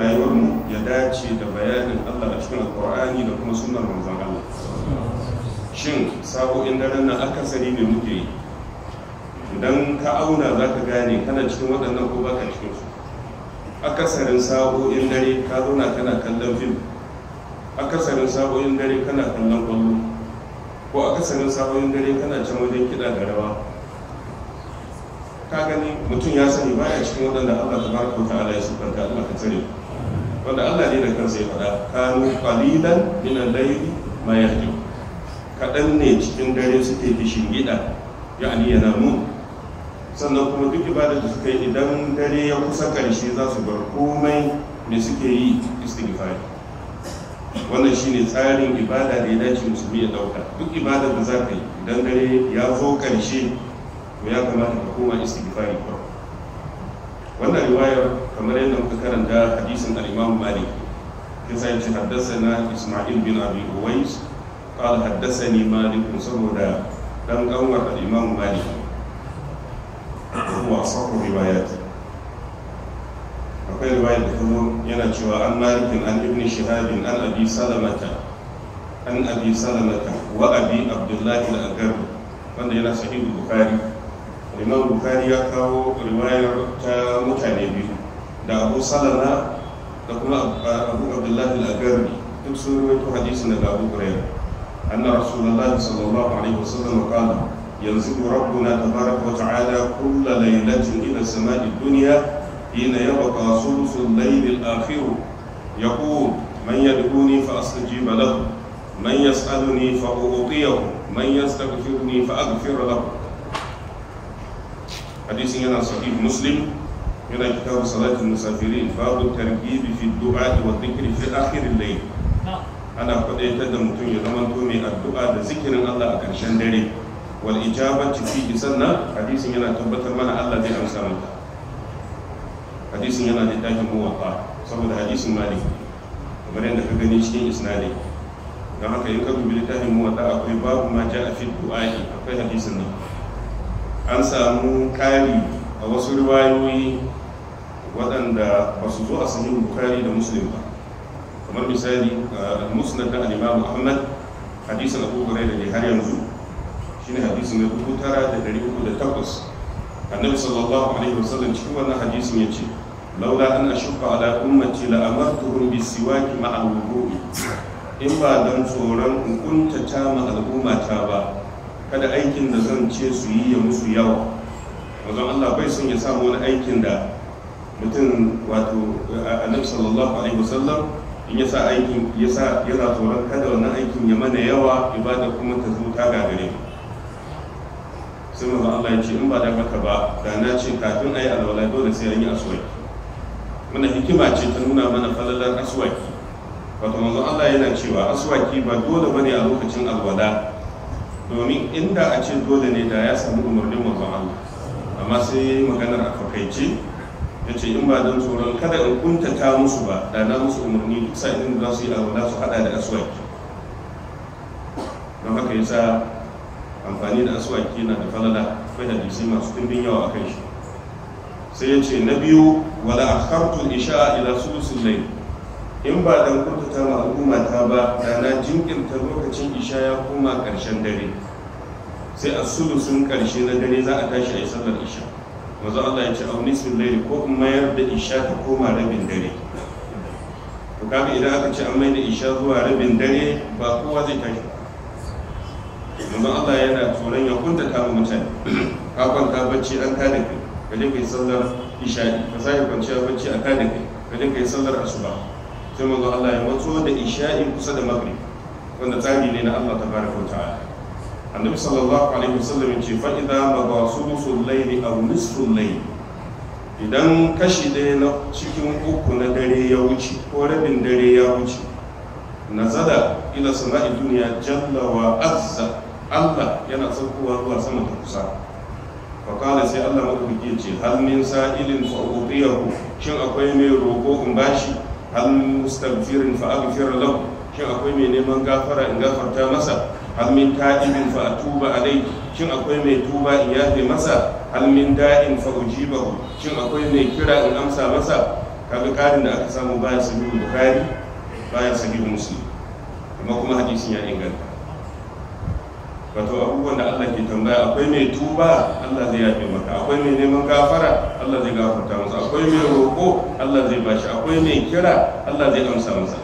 rayuwarmu ya dace da bayanin Allah a cikin alkur'ani da kuma sunan manzon Allah shin sabo'in daren nan akasari ne muke yi idan ka auna za ka gane kana cikin waɗannan ko baka cikin su akasarin sabo'in dare ka zauna kana kallon fim akasarin sabo'in dare kana kallon kwallo ko akasarin sabo'in dare kana can wajen kiɗa da rawa ka gani mutum ya sani baya cikin waɗanda Allah tabaraka wa ta'ala ya sukanta Allah ka tsare wanda Allah ne da kansa ya faɗa kanu qalilan min al-layli ma yahjun kaɗan ne cikin dare suke fishin gida ya'ani ya namu sannan kuma duk ibada da suka yi idan dare ya kusa karshe za su bar komai ne suke yi istighfar wannan shine tsarin ibada da ya dace musulmi ya dauka duk ibada da za ka yi idan dare ya zo karshe to ya kamata ka koma istighfar wannan riwayar kamar yadda muka karanta hadisin al-imam malik kisa haddasa haddathana isma'il bin abi uwais qala haddathani malik saboda dan kanwar al-imam malik huwa sahih riwayat akwai riwayar da kuma yana cewa an malikin an ibn shihabin an abi salamata an abi salamata wa abi abdullahi al-agar wanda yana sahih bukhari imam bukari ya kawo riwayar ta mutane biyu da abu Salana, da kuma abu abdullahi al-agarni duk sun rawaito hadisi na abu hurairah anna rasulullahi sallallahu alaihi wasallam qala ينزل ربنا تبارك وتعالى كل ليلة إلى السماء الدنيا حين يبقى ثلث الليل الآخر يقول من يدعوني فأستجيب له من يسألني فأعطيه من يستغفرني فأغفر له hadisin yana sahih muslim yana kitabu salatin musafirin babu targibi fi du'a wa dhikri fi akhirin layl ana kwadaitar da mutum ya zama to mai addu'a da zikirin Allah a ƙarshen dare wal ijabati fi sannan hadisin yana tabbatar mana Allah zai amsa maka hadisin yana da dakin muwafa saboda hadisin malik kamar yadda ka gani cikin isnadi don haka in littafin muwafa akwai babu ma a fi akwai hadisin an samu kari a wasu riwayoyi waɗanda ba su zo a sahihu bukari da musulun ba kamar misali eh, musulun da al-imam ahmad hadisin abu hurairah da har yanzu ne hadisun na dubu tara da dari uku da takwas annabi sallallahu alaihi wasallam cikin wannan hadisun ya ce laula an ashqa ala ummati la amartuhum bi siwaki ma'a wudu'i in ba dan tsoron hukunta ta ma al'umma ta ba kada aikin da zan ce su yi ya musu yawa mazan Allah bai son ya samu wani aikin da mutum wato annabi sallallahu alaihi wasallam in ya sa aikin ya sa yana tsoron kada wannan aikin ya mana yawa ibada kuma ta zo ta gagare sai mazan Allah ya ce in ba da haka ba da na ce kafin a yi alwala dole sai an yi aswaki mana hikima ce ta nuna mana falalar aswaki wato manzon Allah yana cewa aswaki ba dole ba ne a lokacin alwala domin inda a ce dole ne da ya sami umarnin manzon Allah amma sai maganar a fakaice ya ce in ba don tsoron kada in kuntata musu ba da na musu umarni duk sa inda za su yi alwala su hada da aswaki don haka yasa amfani da aswaki na da falala da hadisi masu dimbin yawa akan shi sai ya ce na biyu wala akhartu isha ila sulusul layl in ba don kuntata ma hukumata ba da na jinkirta lokacin isha ya koma ƙarshen dare sai a sun ƙarshe na dare za a tashi a yi sallar isha maza Allah ya ce a nisin laili ko in mayar da isha ta koma rabin dare to kaga idan aka ce an mai da isha zuwa rabin dare ba kowa zai tashi maza Allah yana tsoron ya kuntata ma mutane ka kwanta bacci an kada kai ka je kai sallar isha ka sake kwanciya bacci a kada kai ka je kai sallar asuba sai mazo Allah ya matso da isha'in kusa da maghrib wanda tsari ne na Allah ta tabaraka wa A annabi sallallahu alaihi wasallam ce fa idza maga sulusul layli aw nisful layli idan kashi ɗaya na cikin uku na dare ya wuce ko rabin dare ya wuce nazala ila sama'i duniya jalla wa azza Allah yana saukowa zuwa sama ta kusa fakala sai Allah madaukaki ya ce hal min sa'ilin fa udiyahu shin akwai mai roƙo in bashi hal mustaghfirin fa aghfir lahu shin akwai mai neman gafara in gafarta masa hal ta'ibin fa a tuba a alai shin akwai mai tuba in yafe masa hal min da'in fa ujibahu shin akwai mai kira in amsa masa kaga karin da aka samu bayan sahihul bukhari bayan sahihul muslim amma kuma hadisin ya inganta wato abubuwan da Allah ke tambaya akwai mai tuba Allah zai yafe maka akwai mai neman gafara Allah zai gafarta masa akwai mai roƙo Allah zai bashi akwai mai kira Allah zai amsa masa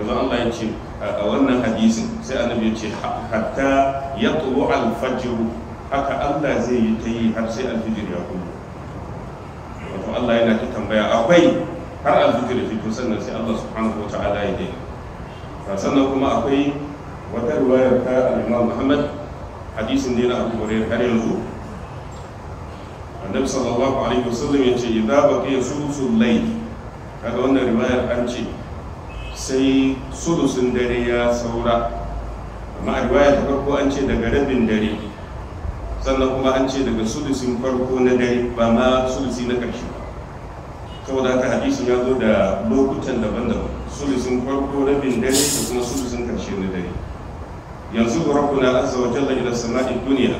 manzo Allah ya ce a wannan hadisin sai annabi ya ce hatta yatlu al-fajr haka Allah zai yi ta yi har sai al ya kullu wato Allah yana ta tambaya akwai har al ya fito sannan sai Allah subhanahu wa ta'ala ya daina sannan kuma akwai wata ruwayar ta al-Imam Muhammad hadisin ne na abu hurairah har yanzu annabi sallallahu alaihi wasallam ya ce idza baqiya sulusul layl kaga wannan riwayar an ce sai sulusun dare ya saura amma a riwayar ta farko an ce daga rabin dare sannan kuma an ce daga sulusin farko na dare ba ma sulusi na ƙarshe saboda haka hadisin ya zo da lokutan daban-daban sulusin farko rabin dare da kuma sulusin ƙarshe na dare yanzu rabbuna azza wa jalla ila sama'i duniya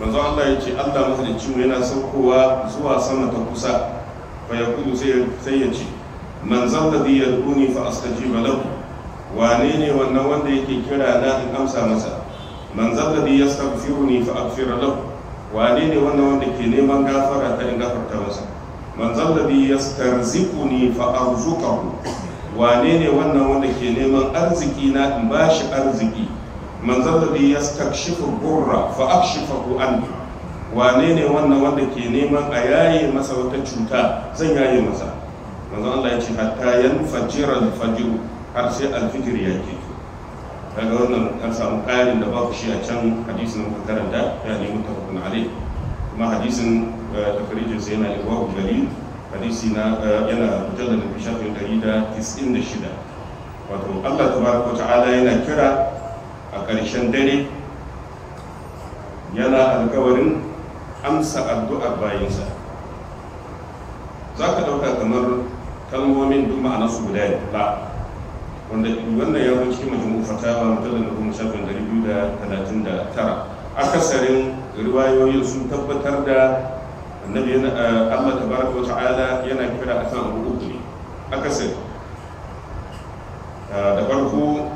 manzo Allah ya ce Allah mahalicci mu yana saukowa zuwa sama ta kusa fa yaqulu sai ya ce man zalladhi yad'uni fa astajiba lahu wane ne wannan wanda yake kira na in amsa masa man zalladhi yastaghfiruni fa aghfir lahu wane ne wannan wanda ke neman gafara ta in gafarta masa man zalladhi yastarzikuni fa arzuqahu wane ne wannan wanda ke neman arziki na in bashi arziki man zallabi ya stakshifu burra fa akshifahu anhu wane ne wannan wanda ke neman a yaye masa wata cuta zan yaye masa manzon Allah ya ce hatta yanfajira al-fajr har sai al-fitr ya ke daga wannan an samu ƙarin da babu shi a can hadisin da karanta ya ne mutafakun alai kuma hadisin da eh, karijin sai yana liwa gari hadisi na eh, yana mujallar da shafin ɗari da tis'in da shida wato Allah tabaraka ta'ala yana kira a ƙarshen dare yana alkawarin amsa addu'ar bayansa za ka ɗauka kamar kalmomin duk ma'ana su guda ba wanda wannan ya zo cikin majmu'u fatawa mujallar da goma shafin dari biyu da talatin da tara akasarin riwayoyin sun tabbatar da annabi yana eh, Allah tabaraka wa ta'ala yana kira akan abu uku ne Akasarin. Eh, da farko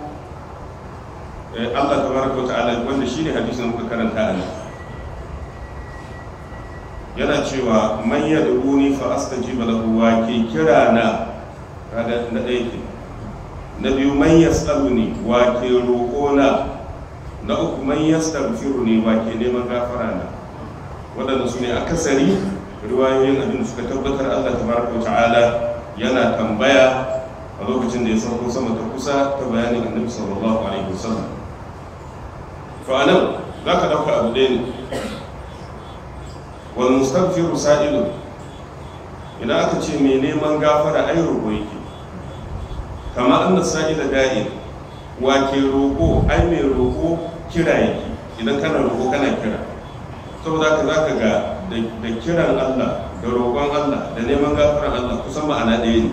Eh, Allah tabaraka ta'ala wanda shine hadisin muka karanta a nan yana cewa man yad'uni fa astajiba lahu wa ke kira na kada na ɗaya na biyu man yas'aluni wa ke roƙo na na uku man ne wa ke neman gafara na waɗanda su ne akasari riwayoyin abin suka tabbatar Allah tabaraka ta'ala yana tambaya a lokacin da ya sauko sama ta kusa ta bayanin annabi sallallahu alaihi wasallam to a nan za ka ɗauka abu ɗaya ne wani mustafiru sa'ilu idan aka ce mai neman gafara ai roƙo yake kama an da sa'ila da'in wa ke roƙo ai mai roƙo kira yake idan kana roƙo kana kira saboda ka za ka ga da kiran allah da roƙon allah da neman gafara allah kusan ma'ana ɗaya ne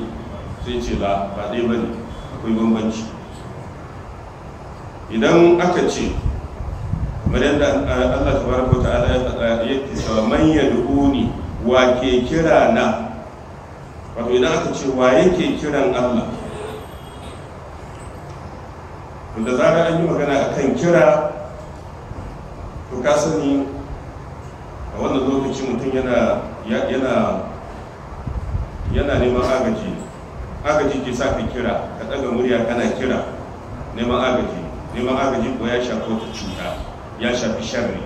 sai ce ba ɗaya ba ne akwai bambanci idan aka ce kamar yadda eh, Allah tabaraka wa ta'ala ya faɗa yake cewa man yad'uni wa ke kira na wato idan aka ce wa yake kiran Allah da zarar an yi magana akan kira to ka sani a wannan lokaci mutum yana yana yana neman agaji agaji ke sa ka kira ka ɗaga murya kana kira neman agaji neman agaji ko ya shafi wata cuta ya shafi sharri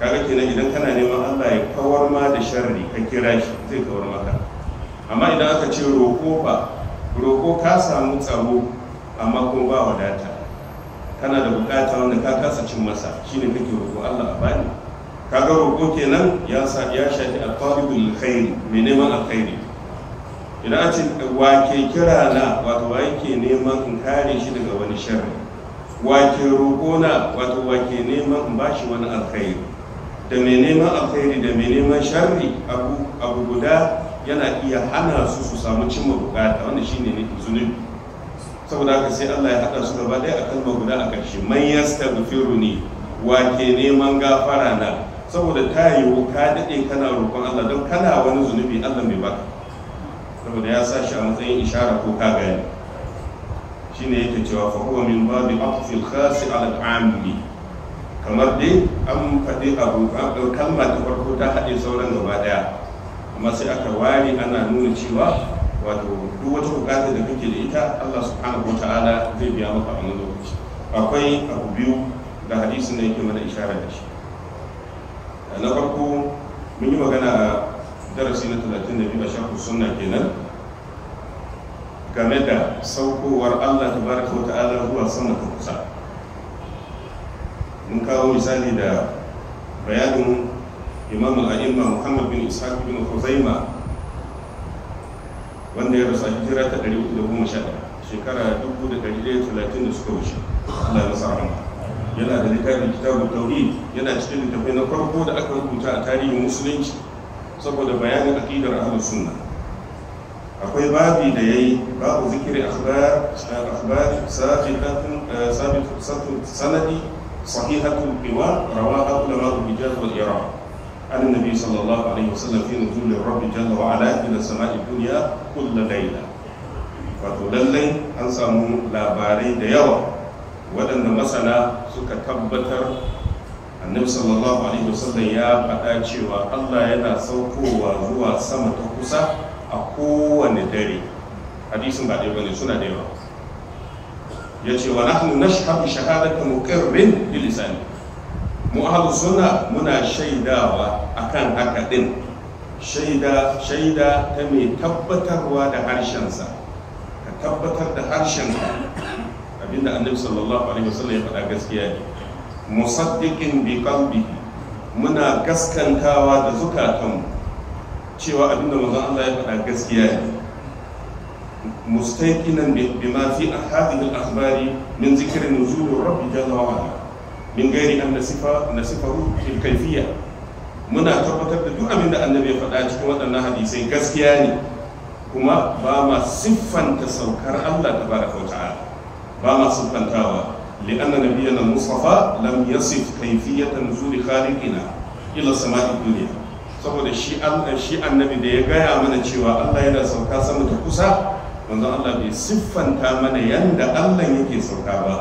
kaga kenan idan kana neman Allah ya kawar ma da sharri ka kira shi zai kawar maka amma idan aka ce roko ba, roko ka samu tsaro amma kuma ba wadata kana da bukata wanda ka kasa cin masa shine kake roko Allah a bani kaga roko kenan ya sa ya shafi al-talibul khair mai neman alkhairi idan a ce wa ke kira na wato wa yake neman in kare shi daga wani sharri wake roƙona wato wake neman in bashi wani alkhairi da mai neman alkhairi da mai neman sharri abu guda yana iya hana su su samu cimma bukata wanda shi ne zunubi saboda haka sai Allah ya haɗa su gaba ɗaya a kalma guda a ƙarshe man yastaghfiru ne. wake neman gafara na saboda ta yiwu ka daɗe kana roƙon Allah don kana wani zunubi Allah mai baka saboda ya sa shi a matsayin ishara ko ka gani shine yake cewa fa huwa min babi aqfil khas ala al-ammi kamar dai an faɗi abu kalma ta farko ta haɗe sauran gaba daya amma sai aka ware ana nuna cewa wato duk wata bukata da kake da ita Allah subhanahu ta'ala zai biya maka a lokaci akwai abu biyu da hadisin da yake mana isharar da shi na farko mun yi magana darasi na 32 a shafin sunna kenan game da saukowar Allah ta baraka wata ta'ala zuwa sama ta kusa mun kawo misali da bayanin imam al'aimma muhammad bin ishaq bin huzaima wanda ya rasu a hijira ta 311 shekara 1130 da suka wuce Allah ya rahama yana da littafin kitabun tauhid yana cikin littafai na farko da aka rubuta a tarihin musulunci saboda bayanin aqidar ahlus sunna akwai babi da ya yi babu zikiri akhbar akhbar sahihatun eh, sabiqatun sanadi sahihatul biwa rawaha ulama al-hijaz wal iraq عن النبي صلى الله عليه وسلم في نزول الرب جل وعلا الى السماء duniya, كل ليله wato lallai an samu labarai da yawa waɗanda masana suka tabbatar annabi sallallahu alaihi wasallam ya faɗa cewa allah yana saukowa zuwa sama ta kusa a kowane dare hadisin ba ɗaya bane suna da yawa ya ce wa nahnu nashhadu shahadatan muqirrin bil lisan mu ahlus sunna muna shaidawa akan haka din shaida shaida ta mai tabbatarwa da harshensa ka tabbatar da harshenka abinda annabi sallallahu alaihi wasallam ya faɗa gaskiya ne musaddiqin bi qalbihi muna gaskantawa da zukatanmu cewa abinda manzon Allah ya faɗa gaskiya ne mustaqinan bima fi hadhihi al-akhbari min zikri nuzul rabbi jalla wa ala min ghairi an nasifa nasifahu fil kayfiyya muna tabbatar da duk abinda annabi ya faɗa cikin waɗannan hadisai gaskiya ne kuma ba ma siffanta saukar Allah tabaraka wa ta'ala ba ma siffantawa لأن نبينا المصطفى لم يصف كيفية نزول خالقنا إلى السماء الدنيا saboda shi shi annabi da ya gaya mana cewa Allah yana sauka sama da kusa manzon Allah bai siffanta mana yanda Allah yake sauka ba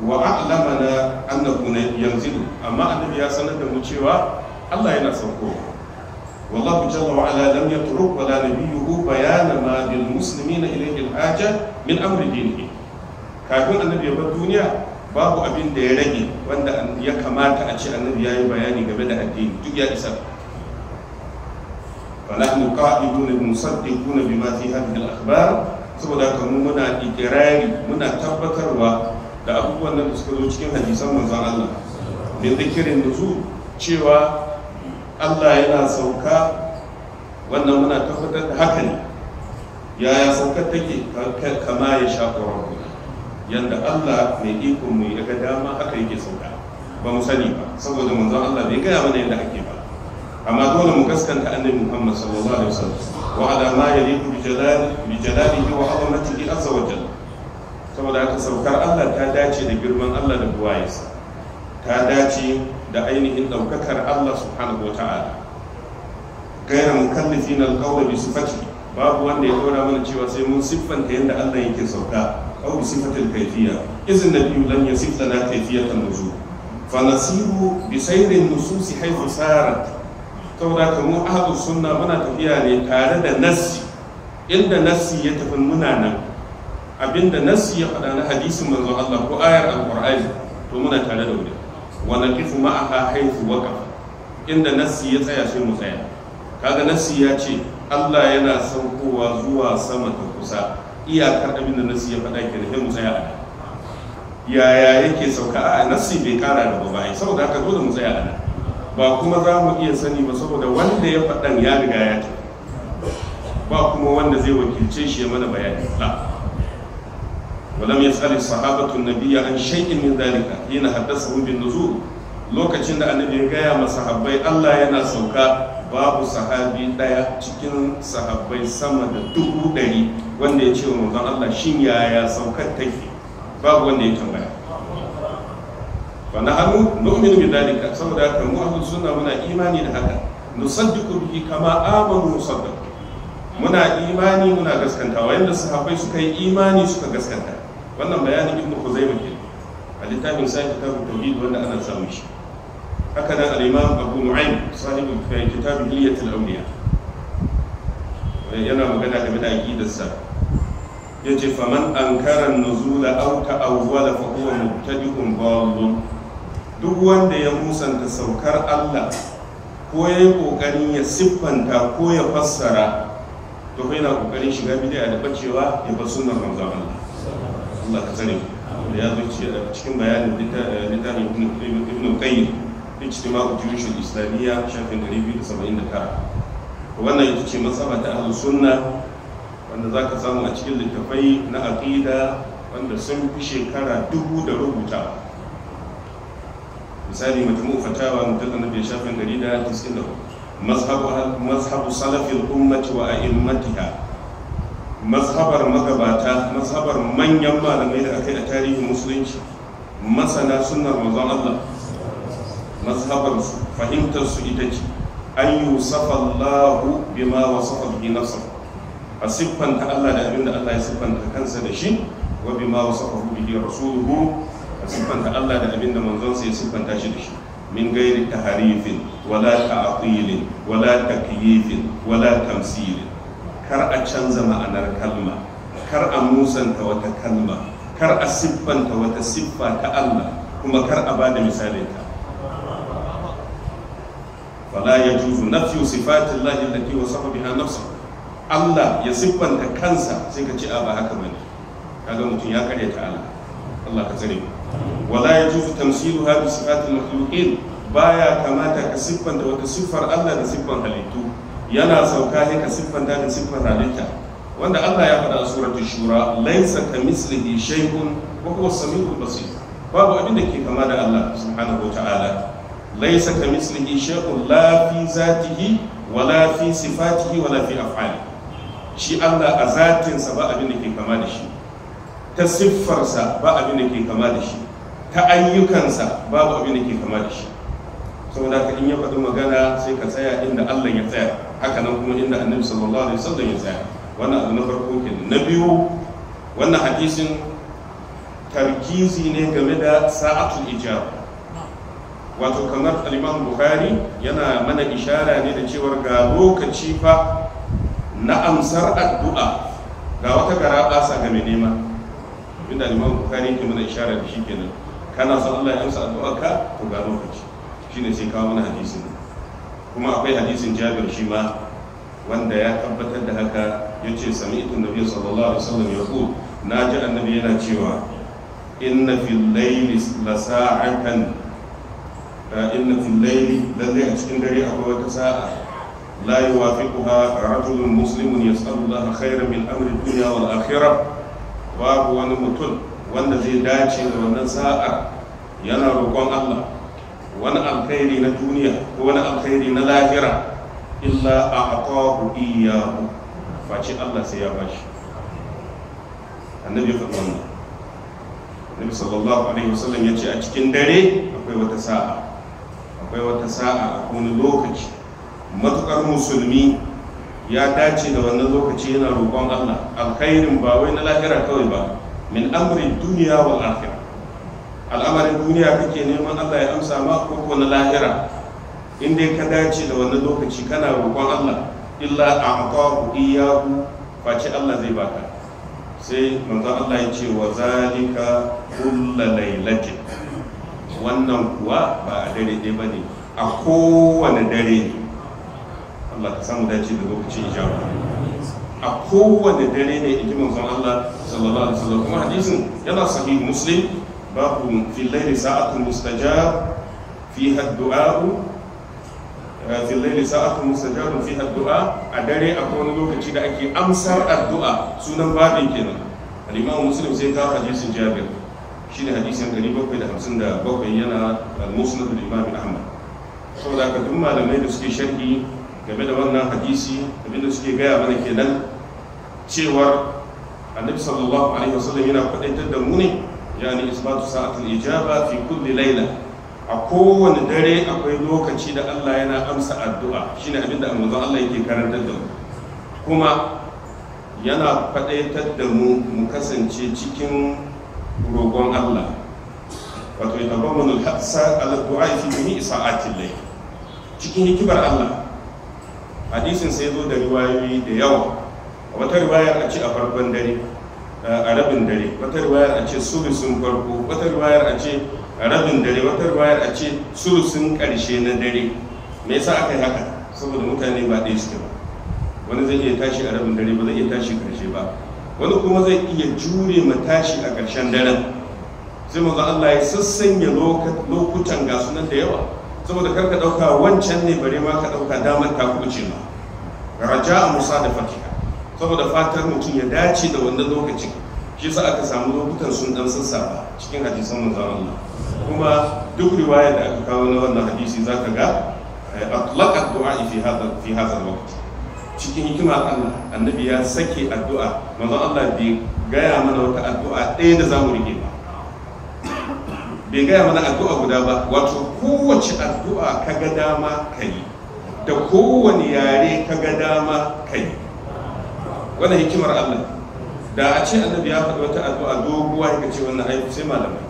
wa annabu na yanzu amma annabi ya sanar da mu cewa Allah yana sauko. saukowa والله جل وعلا لم يترك ولا نبيه بيان ما للمسلمين اليه الحاجه min امر دينه kafin annabi ya bar duniya babu abin da ya rage wanda ya kamata a ce annabi ya yi bayani game da addini duk ya isa فنحن قائدون مصدقون بما في هذه الاخبار saboda haka mu muna ikirari muna tabbatarwa da abubuwan da suka zo cikin hadisan manzon Allah min zikirin nuzu cewa Allah yana sauka wannan muna tabbatar da haka ne yaya saukar take kama ya shafa rabbi yanda Allah mai iko mu ya ga dama haka yake sauka ba mu sani ba saboda manzon Allah bai gaya mana yanda ake ba amma dole mu gaskanta annabi Muhammad sallallahu alaihi wasallam wa ala ma yaliqu bi jalali bi jalalihi wa azamatihi azza wa jalla saboda haka saukar Allah ta dace da girman Allah da buwayesa ta dace da ainihin daukakar Allah subhanahu wa ta'ala gaira mukallifin alqawli bi sifatihi babu wanda ya dora mana cewa sai mun siffanta yadda Allah yake sauka أو بصفة الكيفية إذ النبي لم يصف لنا كيفية النزول فنسير بسير النصوص حيث سارت saboda ka mu ahlu sunna muna tafiya ne tare da nassi inda nassi ya tafi muna abinda nassi ya faɗa na hadisin manzon Allah ko ayar alqur'ani to muna tare da wuri wa naqifu ma'aha haythu waqaf inda nassi ya tsaya sai mu tsaya kaga nassi ya ce Allah yana saukowa zuwa sama ta kusa iyakar abin da nasi ya faɗa ke da ke musaya a nan yaya yake sauka a nasi bai kara da ba saboda haka dole musaya a nan ba kuma za mu iya sani ba saboda wanda ya faɗan ya riga ya ce ba kuma wanda zai wakilce shi ya mana bayani ba walam ya tsari sahabatun nabiya an shaƙin min zalika yana haddasa rubin da zuru lokacin da annabi ya gaya masa habbai allah yana sauka babu sahabi daya cikin sahabbai sama da dubu ɗari wanda ya ce wa manzon Allah shin yaya saukar take babu wanda ya tambaya fa na hannu nu'minu bi dalika saboda haka mu ahlus sunna muna imani da haka nusaddiqu bihi kama amanu musaddaq muna imani muna gaskanta wa wayanda sahabbai suka yi imani suka gaskanta wannan bayanin ibnu khuzaimah ke a littafin sa kitabut tauhid wanda ana samu shi هكذا الإمام أبو نعيم صاحب في كتاب هلية الأولياء yana magana game da aqidarsa yace faman ankara an-nuzul aw ta'awwala fa huwa mubtadi'un dallun duk wanda ya musanta saukar Allah ko ya yi ƙoƙarin ya siffanta ko ya fassara to kai na kokarin shiga bid'a da bacewa ya bar sunan manzon Allah Allah ka tsare da ya zo cikin bayanin littafin ibn qayyim ijtima'u juyushul islamiyya shafin 279 wannan ita ce matsaba ta ahlus sunna wanda zaka samu a cikin littafai na aqida wanda sun fi shekara dubu da rubuta misali majmu'u fatawa mutallana bi shafin 194 mazhabu mazhabu salafil ummati wa a'immatiha mazhabar magabata mazhabar manyan malamai da aka yi a tarihin musulunci masana sunnar manzon Allah mazhabansu fahimtarsu ita ce an yusafa Allahu bima wasafa bihi nafsa a siffanta Allah da abin da Allah ya siffanta kansa da shi wa bima wasafa bihi rasuluhu a siffanta Allah da abin da manzonsa ya siffanta shi da shi min gairi harifin wala ta ta'atilin wala ta takyifin wala tamsilin kar a canza ma'anar kalma kar a musanta wata kalma kar a siffanta wata siffa ta Allah kuma kar a ba da misalinta. fala ya juzu nafyu sifatin lahi allati wasafa biha nafsa Allah ya siffanta kansa sai ka ce a ba haka bane kaga mutum ya ta Allah Allah ka tsare wala ya juzu tamsilu ha bi sifatil makhluqin baya kamata ka siffanta wata siffar Allah da siffar halittu yana sauka sai ka siffanta da siffar halitta wanda Allah ya faɗa a suratul shura laysa kamislihi shay'un wa huwa samiul basir babu abin da ke kama da Allah subhanahu wa ta'ala laisa ka mislihi shay'un la fi zatihi wala fi sifatihi wala fi af'ali shi Allah a zatinsa ba abin da ke kama da shi ta siffarsa ba abin da ke kama da shi ta ayyukansa babu abin da ke kama da shi saboda ka in ya faɗi magana sai ka tsaya inda Allah ya tsaya haka nan kuma inda annabi sallallahu alaihi wasallam ya tsaya wannan abu na farko kenan na biyu wannan hadisin tarkizi ne game da sa'atul ijaba wato kamar al Buhari yana mana ishara ne da cewar ga lokaci fa na amsar addu'a ga wata gara sa ga mai nema inda al Buhari bukhari ke mana ishara da shi kenan kana son Allah ya amsa addu'a ka to ga lokaci shine sai kawo mana hadisin kuma akwai hadisin Jabir shi ma wanda ya tabbatar da haka yace sami'tu nabiy sallallahu alaihi wasallam yaqul naji annabi yana cewa inna fil layli la sa'atan Eh, inna fil layli lalle a cikin dare akwai wata sa'a la yuwafiquha rajulun muslimun yas'alu Allah khairan min amri dunya a akhirah babu wani mutum wanda zai dace da wannan sa'a yana roƙon Allah wani alkhairi na duniya ko wani alkhairi na lahira illa a'tahu iyyahu face Allah sai ya bashi annabi annabi sallallahu alaihi ya ce a cikin dare akwai wata sa'a akwai wata sa'a wani lokaci matukar musulmi ya dace da wannan lokaci yana roƙon Allah alkhairin ba wai na lahira kawai ba min amrin duniya wa lahira al'amarin duniya kake neman Allah ya amsa ma ko ko na lahira in dai ka dace da wannan lokaci kana roƙon Allah illa a'tahu iyyahu face Allah zai baka sai manzon Allah ya ce wa zalika kullu lailatin wannan kuwa ba a dare ɗaya ba ne a kowane dare Allah ka samu dace da lokacin ijaba a kowane dare ne in ji manzon Allah sallallahu alaihi wasallam kuma hadisin yana sahih muslim babu fi laili sa'atun mustajab fiha ad-du'a eh, fi laili sa'atun mustajab fiha dua a dare a kowane lokaci da ake amsar addu'a sunan babin kenan al-imam muslim sai ka hadisin jabir ne hadisin bakwai da da hamsin bakwai yana al-musnad al-imam ahmad saboda haka duk malamai da suke sharhi game da wannan hadisi abinda suke gaya mana kenan cewar annabi sallallahu alaihi wasallam yana kwadaitar da mu ne yani isbatu sa'atul ijaba fi kulli layla a kowane dare akwai lokaci da Allah yana amsa addu'a shine abinda manzon Allah yake karantar da mu kuma yana kwadaitar da mu mu kasance cikin rogon Allah wato ya taba mun al-hadsa al-du'a fi jami'i sa'atil layl cikin hikimar Allah hadisin sai zo da riwayoyi da yawa wata riwayar a ce a farkon dare a rabin dare wata riwayar a ce sulusun farko wata riwayar a ce a rabin dare wata riwayar a ce sulusun karshe na dare me yasa aka yi haka saboda mutane ba ɗaya suke ba wani zai iya tashi a rabin dare ba zai iya tashi karshe ba wani kuma zai iya jure ma tashi a ƙarshen daren sai maza Allah ya sassanya lokutan ga sunan da yawa saboda karka ɗauka wancan ne bare ma ka ɗauka damar ta kuce ma raja a musa da fatiha saboda fatar mutum ya dace da wannan lokacin shi sa aka samu lokutan sun ɗan sassafa cikin hadisan manzo Allah kuma duk riwayar da aka kawo na wannan hadisi zaka ga eh, atlaqa du'a fi hadha fi cikin hikimar Allah annabi ya sake addu'a manzo Allah bai gaya mana wata addu'a ɗaya da zamu rike ba bai gaya mana addu'a guda ba wato kowace addu'a ka ga dama ka yi da kowane yare ka ga dama ka yi wannan hikimar Allah da a ce annabi ya faɗi wata addu'a doguwa ya ce wannan ai sai malamai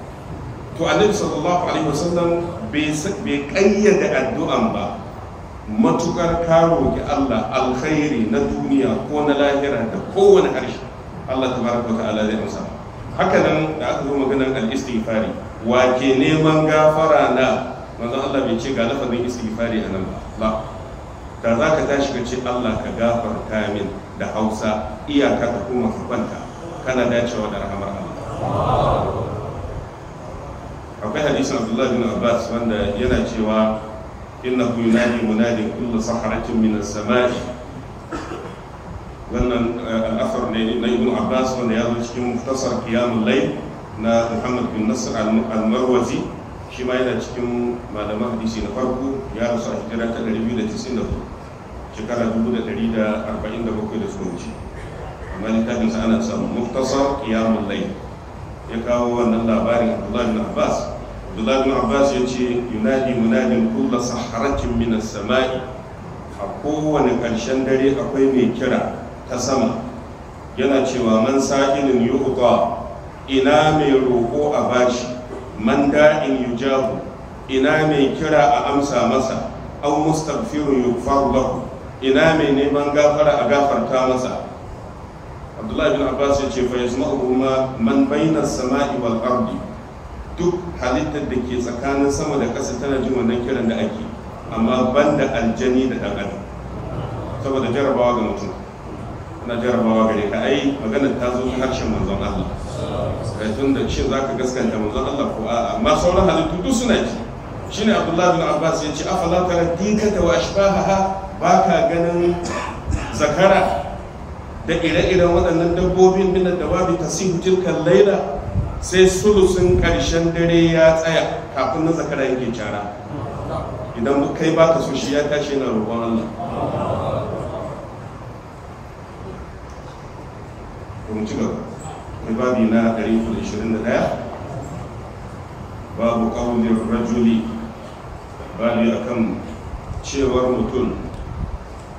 to annabi sallallahu alaihi wasallam bai kayyade addu'an ba matukar ka roƙi Allah alkhairi na duniya ko na lahira da kowane harshe Allah ta ta'ala zai amsa haka nan da aka zo maganar al-istighfari wa ke neman gafara na manzon Allah bai ce ga lafazin istighfari a nan ba da za ka tashi ka ce Allah ka gafarta min da Hausa iyaka ka kuma ka kwanta kana dacewa da rahamar Allah akwai hadisin Abdullahi bin Abbas wanda yana cewa innahu yunadi munadi kullu saharatin min as-sama'i wannan eh, al'afar ne na ibn abbas wanda ya zo cikin muftasar qiyamul lai na muhammad bin nasr al-marwazi shi ma yana cikin malaman hadisi na farko ya rasu a hijira ta 294 shekara 1447 da suka wuce amma littafin sa ana samu muftasar qiyamul lai. ya kawo wannan labarin abdullahi bin abbas abdullahi bin abbas ya ce yunadi munadin kulla saharatin minas sama'i a kowane ƙarshen dare akwai mai kira ta sama yana cewa man sa'ilin yu'ta ina mai roƙo a bashi man da'in yujahu ina mai kira a amsa masa aw mustaghfirun yughfar lahu ina mai neman gafara a gafarta masa abdullahi bin abbas ya ce fa yasma'u ma man bayna as-sama'i wal ardi duk halittar da ke tsakanin sama da ƙasa tana jin wannan kiran da ake amma ban da aljani da ɗan adam saboda jarabawa ga mutum ana jarabawa gare ka ai maganar ta zo ta harshen manzon Allah kai tun da za ka gaskanta manzon Allah ko a'a amma sauran halittu duk suna ji Shi ne Abdullahi bin Abbas ya ce afala tara dinkata wa ashbahaha ka ganin zakara da ire-iren waɗannan dabbobin bin da babu tasihu tilkan laila sai sulusun karshen dare ya tsaya kafin na zakara yake cara idan kai baka so shi ya tashi na roƙon Allah kuma ci gaba mai babi na 121 babu ƙaunin rajuli a akan cewar mutum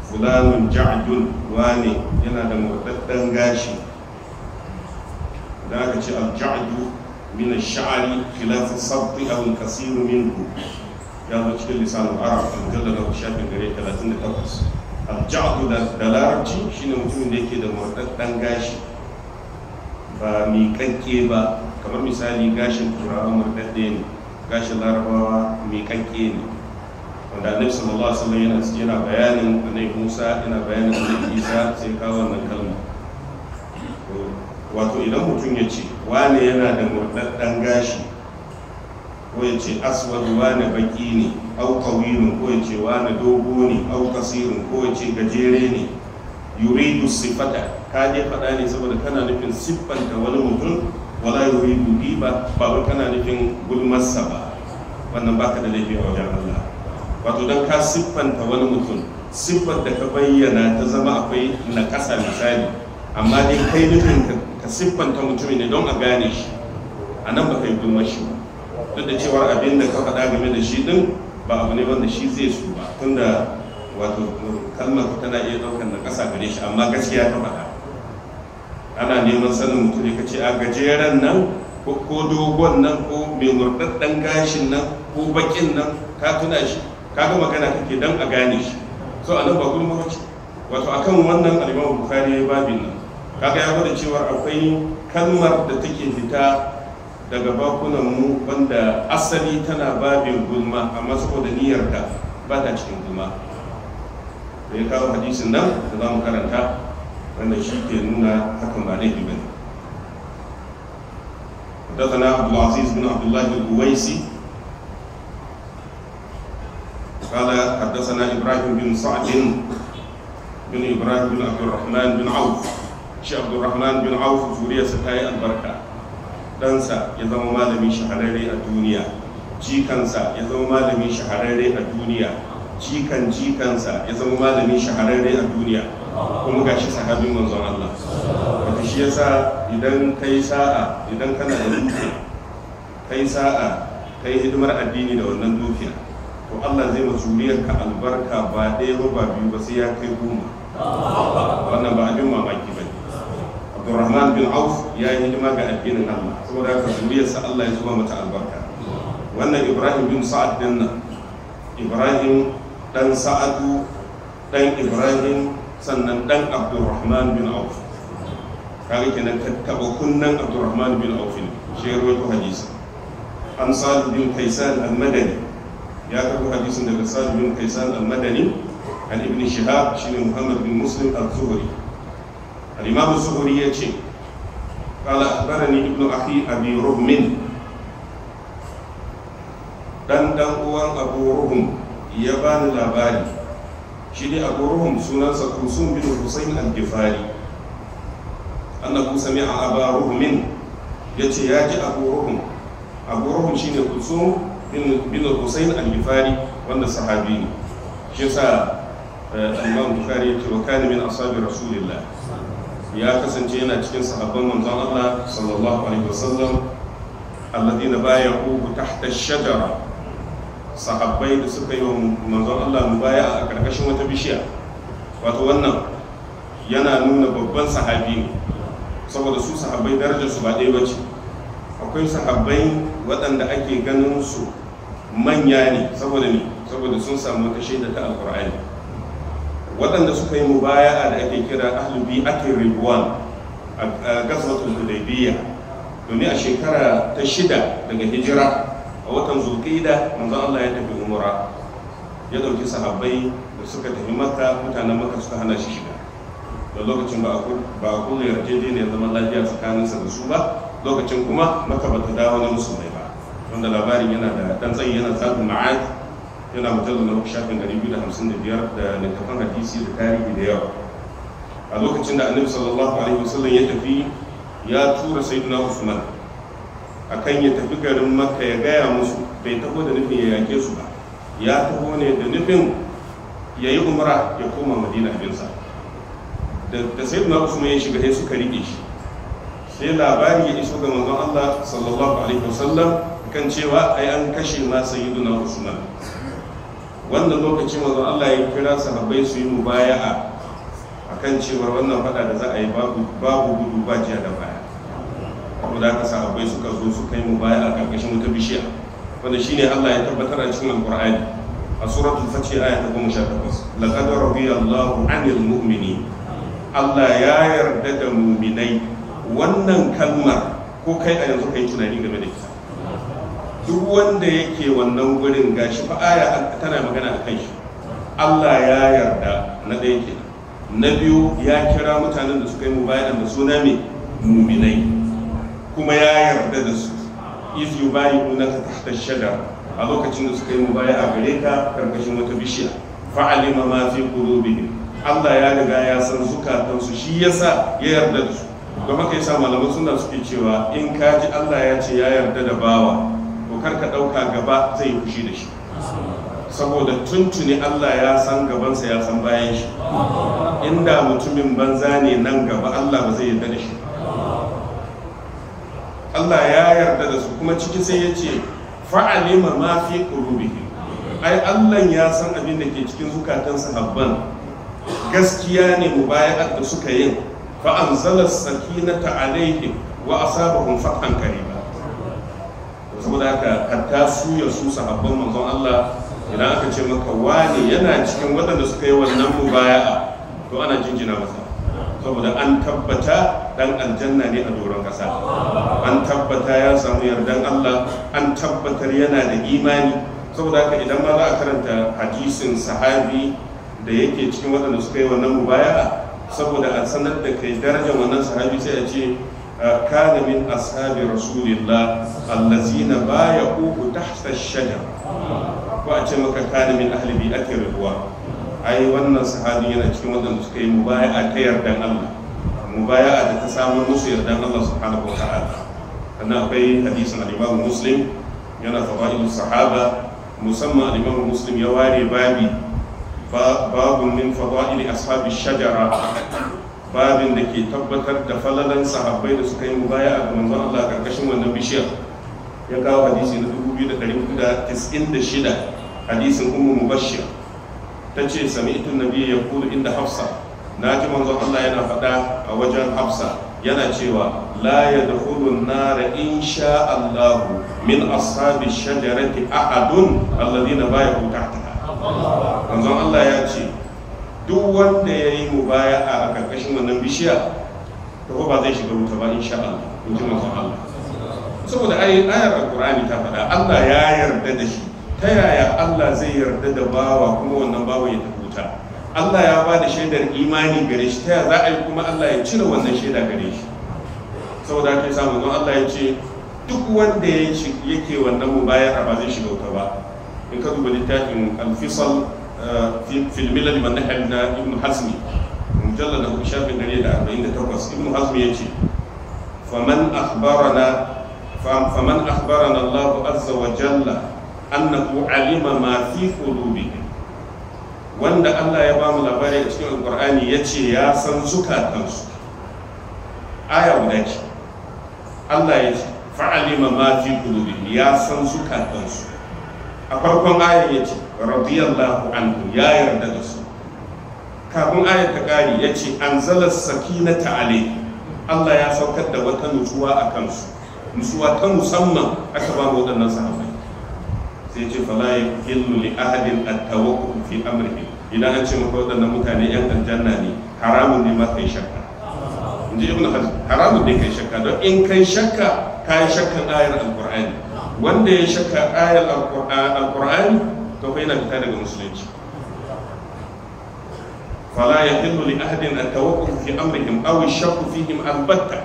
fulanin ja'adun wane yana da murɗaɗɗen gashi da aka ce al-ja'du min ash-sha'ri khilaf as-sabt aw al-kasir minhu ya zo cikin lisanin arab al-jalla na shafin gare 38 al-ja'du da larabci shine mutumin da yake da murdaddan gashi ba miƙaƙƙe ba kamar misali gashin turawa murdadde ne gashin larabawa miƙaƙƙe ne wanda annabi sallallahu alaihi wasallam yana yana bayanin annabi Musa yana bayanin annabi Isa sai kawo wannan kalma wato idan mutum ya ce wane yana da murɗaɗɗen gashi ko ya ce aswad wane baki ne au kawinu ko ya ce wane dogo ne au ko ya ce gajere ne yuridu sifata ka je faɗa ne saboda kana nufin siffanta wani mutum wala yuridu bi ba wai kana nufin gulmarsa ba wannan baka da laifi a wajen Allah wato dan ka siffanta wani mutum siffar da ka bayyana ta zama akwai na ƙasa misali amma dai kai nufin siffanta mutumin ne don a gane shi a nan ba ka yi gulmar shi ba duk da cewa abin da ka faɗa game da shi din ba abu ne wanda shi zai su ba da wato kalmar tana iya ɗaukar na ƙasa gare shi amma gaskiya ta faɗa ana neman sanin mutum ne ka ce a gajeren nan ko dogon nan ko mai murɗaɗɗen gashin nan ko baƙin nan ka tuna shi ga magana kake dan a gane shi so a nan ba gulma wace wato akan wannan alimamu bukari ya babin nan kaga ya gwada cewa akwai kalmar da take fita daga bakunan mu wanda asali tana babin gulma amma saboda niyyar ta ba ta cikin gulma da ya kawo hadisin nan da za mu karanta wanda shi ke nuna hakan ba laifi ba ne حدثنا عبد العزيز بن عبد الله الأويسي قال حدثنا إبراهيم بن سعد بن إبراهيم بن عبد الرحمن بن عوف shi abdurrahman bin auf zuriyarsa ta yi albarka ɗansa ya zama malami shahararre a duniya jikansa ya zama malami shahararre a duniya jikan jikansa ya zama malami shahararre a duniya kuma gashi sahabin manzon Allah wata shi yasa idan kai sa'a idan kana da dukiya kai sa'a kai hidimar addini da wannan dukiya to Allah zai ma zuriyarka albarka ba ɗaya ba biyu ba sai ya kai goma wannan ba abin mamaki ba abdurrahman bin auf ya yi hidima ga addinin allah saboda haka zuriyarsa allah ya zuba mata albarka wannan ibrahim bin sa'ad din nan ibrahim dan sa'adu dan ibrahim sannan dan abdurrahman bin auf kaga kenan tattaba kunnan abdurrahman bin auf ne shi ya rawaito hadisi an sa'ad bin kaisan al-madani ya karbo hadisin daga sa'ad bin kaisan al-madani al ibn shihab shine muhammad bin muslim al-zuhri al-imam ya ce قال أخبرني ابن أخي أبي رغم dan dan ya bani labari shi ne Abu sunansa Kusum bin Husayn al-Gifari annahu sami'a Abu Ruhum yace ya ji Abu Ruhum Abu shine Kusum bin bin Husayn wanda sahabi ne shi sa eh, Imam Bukhari yace wa ya kasance yana cikin sahabban manzon Allah sallallahu alaihi wasallam alladina ku tahta shajara sahabbai da suka yi wa manzon Allah mu baya a karkashin wata bishiya wato wannan yana nuna babban sahabi ne saboda su sahabbai darajar su ba ɗaya bace akwai sahabbai waɗanda ake ganin su manya ne saboda ne saboda sun samu wata shaida ta alƙur'ani waɗanda suka yi baya da ake kira ahlul ake ridwan a gaswatul hudaybiyya domin a shekara ta shida daga hijira a watan zulqa'ida manzon Allah ya tafi umra ya dauki sahabbai da suka tafi makka mutanen makka suka hana shi shiga da lokacin ba a kuma yarjejeniyar zaman lafiya sa da su ba lokacin kuma maka ba ta dawo na musulmai ba wanda labarin yana da dan tsayi yana zaɓin ma'ad yana mujallar na shafin 255 da littafan hadisi da tarihi da yawa a lokacin da annabi sallallahu alaihi wasallam ya tafi ya tura sayyidina usman akan ya tafi garin makka ya gaya musu bai taho da nufin ya yake su ba ya taho ne da nufin ya yi umra ya koma madina abinsa da sayyidina usman ya shiga sai suka riƙe shi sai labari ya iso ga manzon Allah sallallahu alaihi wasallam kan cewa ai an kashe ma sayyidina usman wannan lokacin wanzu Allah ya kira sahabbai su yi mu a kan cewar wannan fada da za a yi babu gudu ba jiya da baya abu da aka sahabbai suka zo suka yi a karkashin wata bishiya wanda shine Allah ya tabbatar a cikin alqur'ani a suratul fatih aya ta 18 laqad radiyallahu 'anil mu'minin Allah ya yarda da mu'minai wannan kalmar ko kai a yanzu kai tunani game da ita duk wanda yake wannan gurin gashi fa aya tana magana akan shi Allah ya yarda na ɗaya ke na biyu ya kira mutanen da suka yi mu bayan da suna mai muminai kuma ya yarda da su iz yubayi'unaka tahta shajara a lokacin da suka yi mu bayan a gare ka karkashin wata bishiya fa'alima ma fi qulubihim Allah ya riga ya san zukatansu shi yasa ya yarda da su don haka yasa malaman suna suke cewa in ka ji Allah ya ce ya yarda da bawa kar ka ɗauka gaba zai fushi da shi saboda tuntuni Allah ya san gabansa ya san bayan shi inda mutumin banza ne nan gaba Allah ba zai yarda da shi Allah ya yarda da su kuma ciki sai ya ce fa'ali ma fi ai Allah ya san abin da ke cikin zukatan sahabban gaskiya ne mu baya da suka yi fa anzala sakinata alaihim wa a asabahum fathan karim saboda haka hatta su ya su sahabban manzon Allah idan aka ce maka wani yana cikin waɗanda suka yi wannan mubaya'a to ana jinjina masa saboda an tabbata dan aljanna ne a doron ƙasa an tabbata ya samu yardan Allah an tabbatar yana da imani saboda haka idan ma za a karanta hadisin sahabi da yake cikin waɗanda suka yi wannan mubaya'a saboda a sanar da kai darajar wannan sahabi sai a ce kana min ashabi rasulillah allazina ba ya uku tahta shajar ko a ce maka kana min ahli bi ake rubuwa ai wannan sahabi yana cikin waɗanda suka yi mubaya'a ta yardan Allah mubaya'a da ta samu musu yardan Allah subhanahu wa ta'ala akwai hadisin al-Imam yana fadailu sahaba musamman imam ya ware babi babun min shajara babin da ke tabbatar da falalan sahabbai da suka yi mubaya a manzon Allah karkashin wannan bishiyar ya kawo hadisi na 2496 hadisin ummu mubashir ta ce sami'tu ya yaqulu inda hafsa na ji manzon Allah yana faɗa a wajen hafsa yana cewa la yadkhulu an-nara in sha Allah min ashabi shajarati ahadun alladhina baya tahtaha manzon Allah ya ce duk wanda ya yi mu baya a karkashin wannan bishiya to ba zai shiga wuta ba insha Allah in ji manzon Allah saboda ayar alqur'ani ta faɗa Allah ya yarda da shi ta yaya Allah zai yarda da bawa kuma wannan bawa ya wuta? Allah ya ba da shaidar imani gare shi ta yaya za a yi kuma Allah ya cire wannan shaida gare shi saboda ake samu don Allah ya ce duk wanda yake wannan mubayar ba zai shiga wuta ba in ka duba littafin alfisal. في الملل من نحل ابن حزمي مجلد أبو شاف النبي أربعين تقص ابن حزمي يجي فمن أخبرنا فمن أخبرنا الله عز وجل أنه علم ما في قلوبهم wanda Allah ya ba mu labari a ya ce ya san zukatansu aya guda ce Allah ya ce fa'alima ma fi qulubihim ya san a farkon ya radiyallahu anhu ya yarda da su kafin ayat ta kari ya ce an zalar sakinata alai Allah ya saukar da wata nutsuwa a kansu nutsuwa ta musamman aka ba waɗannan sahabbai sai ce fala ya killu li ahadin at-tawakkul fi amrihi idan an ce maka waɗannan mutane yan aljanna ne haramun ne ma kai shakka in ji ibn haramun ne kai shakka don in kai shakka ka yi shakkan ayar alqur'ani wanda ya shakka ayar alqur'ani to fa yana fita daga musulunci fala yahillu li ahadin an tawaqqafa fi amrihim aw yashku fihim albatta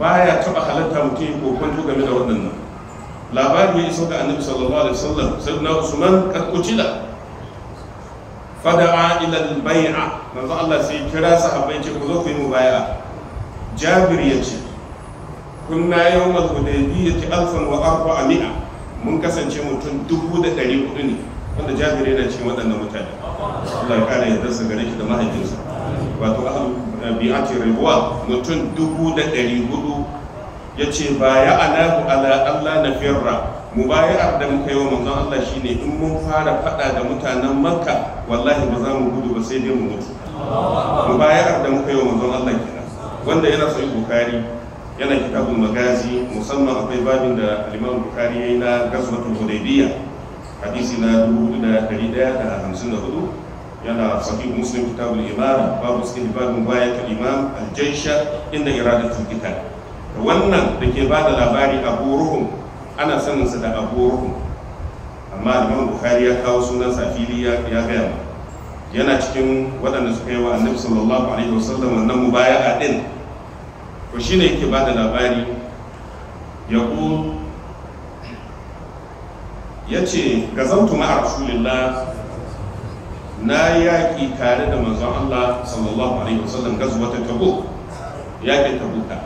baya taba halatta mutum ko kokonto game da waɗannan labari ya iso ga annabi sallallahu alaihi wasallam sayyidina usman kad kucila fada'a ila al-bai'a manzo Allah sai kira sahabbai ce ku zo ku yi mubaya'a jabir yace kunna yawmal hudaybiyyati alfan wa arba'a mun kasance mutum dubu da ɗari hudu ne wanda jahiri yana cikin waɗannan mutane Allah ya kare yadda su gare shi da mahaifinsa wato ahlu bi'ati ribuwa mutum dubu da ɗari hudu ya ce ba ya alahu ala Allah na firra mubayar da muka yi wa manzon Allah shine in mun fara fada da mutanen Makka wallahi ba za mu gudu ba sai dai mu mutu mu mubayar da muka yi wa manzon Allah kenan wanda yana sai bukari yana kitabun magazi musamman akwai babin da al bukari ya yi na gazwatul Hudaybiyah hadisi na hudu yana sahih muslim kitabul imam babu istihbabun baya ta imam al-jaysha inda iradatul qital wannan da ke bada labari a ruhum ana sanin sa da abu ruhum amma imam bukhari ya kawo sunan sa fili ya ya ga yana cikin waɗanda suka yi wa annabi sallallahu alaihi wasallam wannan mubaya'a din to shine yake bada labari yaqul ya ce ga zautu ma'a rasulillah na yaƙi tare da manzon Allah sallallahu alaihi wasallam gazuwa ta tabo yaƙin tabuka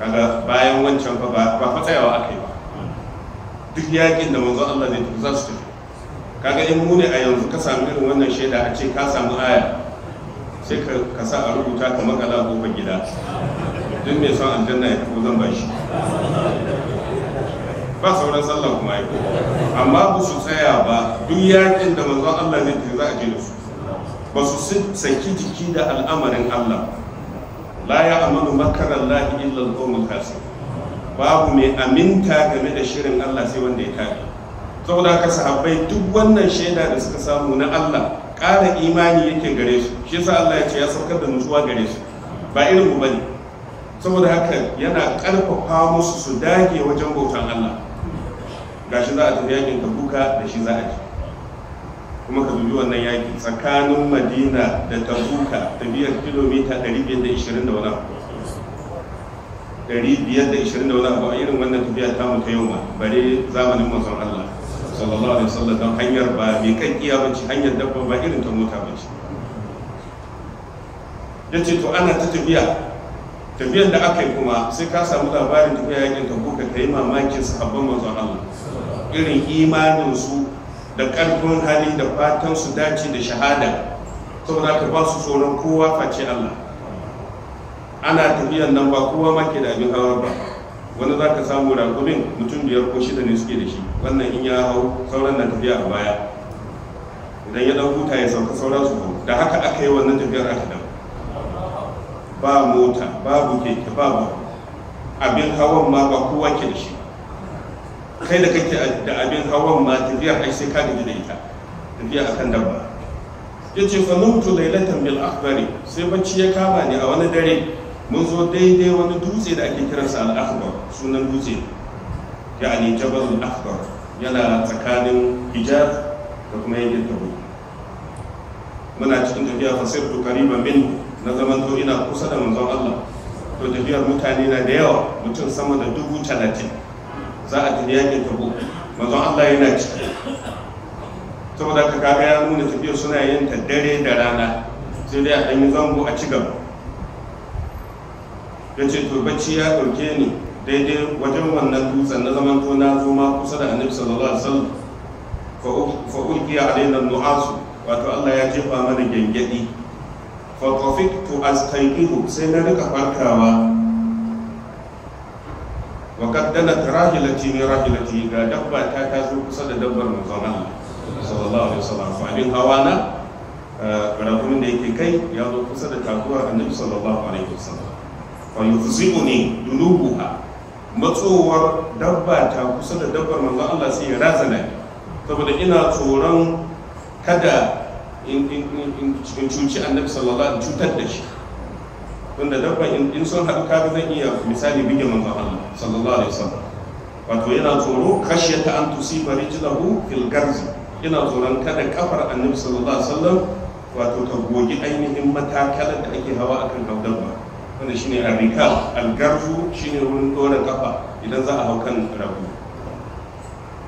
kaga bayan wancan ba ba fa tsayawa aka ba duk yaƙin da manzon Allah zai tafi za su tafi kaga in mu ne a yanzu ka samu irin wannan shaida a ce ka samu aya sai ka sa a rubuta ka makala gobe gida duk mai son aljanna ya tafi zan ba shi ba sauran sallah kuma yi amma ba su tsaya ba duk yakin da manzon Allah zai ta za a je da su ba su saki jiki da al'amarin Allah la ya amanu Allah illa al-qawmul hasib babu mai aminta game da shirin Allah sai wanda ya kare saboda haka sahabbai duk wannan shaida da suka samu na Allah ƙara imani yake gare su shi yasa Allah ya ce ya saukar da nutsuwa gare su ba irin mu bane saboda haka yana ƙarfafa musu su dage wajen bautan Allah gashi za a tafi yakin kuka da shi za a ji kuma ka dubi wannan yaki tsakanin madina da ta tafiyar kilomita 520 da wani abu 520 da wani abu a irin wannan tafiya ta mutu yau ma bare zamanin manzon Allah sallallahu alaihi wasallam don hanyar ba mai kan iya bace hanyar dabba ba irin ta mota ba ce ya ce to ana ta tafiya tafiyar da aka yi kuma sai ka samu labarin tafiya yakin kuka ka yi mamakin sahabban mazan Allah irin imaninsu da ƙarfin hali da fatan su dace da shahada saboda ka ba su tsoron kowa face Allah ana tafiyan nan ba kowa ma ke da abin hawa ba wani za ka samu rakumin mutum biyar ko shida ne suke da shi wannan in ya hau sauran na tafiya a baya idan ya dan huta ya sauka sauran su da haka aka yi wannan tafiyar aka dan ba mota babu keke babu abin hawan ma ba kowa ke da shi kai da kake da abin hawan ma tafiya ai sai ka gaji da ita tafiya akan dabba ya ce fa nutu lailatan bil akhbari sai bacci ya kama ni a wani dare mun zo daidai wani dutse da ake kiransa al akhbar sunan dutse yani jabal al akhbar yana tsakanin hijaz da kuma yankin tabo muna cikin tafiya fa sirtu qariban min na zaman to ina kusa da manzon Allah to tafiyar mutane na da yawa mutum sama da dubu talatin za a tafi yakin tabo mazan Allah yana ciki saboda ka kaga ya nuna tafiyar suna yin ta dare da rana sai dai a ɗanyi zango a ci gaba ya ce to bacci ya ɗauke ni daidai wajen wannan dutsen na zaman to na zo ma kusa da annabi sallallahu alaihi wasallam fa a alaina nu'asu wato Allah ya jefa mana gengedi fa qafitu astayqihu sai na rika farkawa wa kaddalat rahilati ni rahilati ga dabba ta taso kusa da dabbar manzon Allah sallallahu alaihi wasallam fa abin na rakumin da yake kai ya zo kusa da takuwar annabi sallallahu alaihi wasallam fa yufzibuni dunubuha matsowar dabba ta kusa da dabbar manzon Allah sai ya razana saboda ina tsoron kada in cuci annabi sallallahu alaihi wasallam cutar da shi wanda dabba in sun haɗu kaga zan iya misali bige manzon Allah sallallahu alaihi wasallam wato yana tsoro khashyata an tusiba rijlahu fil garzi yana tsoron kada kafar annabi sallallahu alaihi wasallam wato ta gogi ainihin matakala da ake hawa akan haudan ba wanda shine arrikal algarzu ne wurin dora kafa idan za a hau kan rabu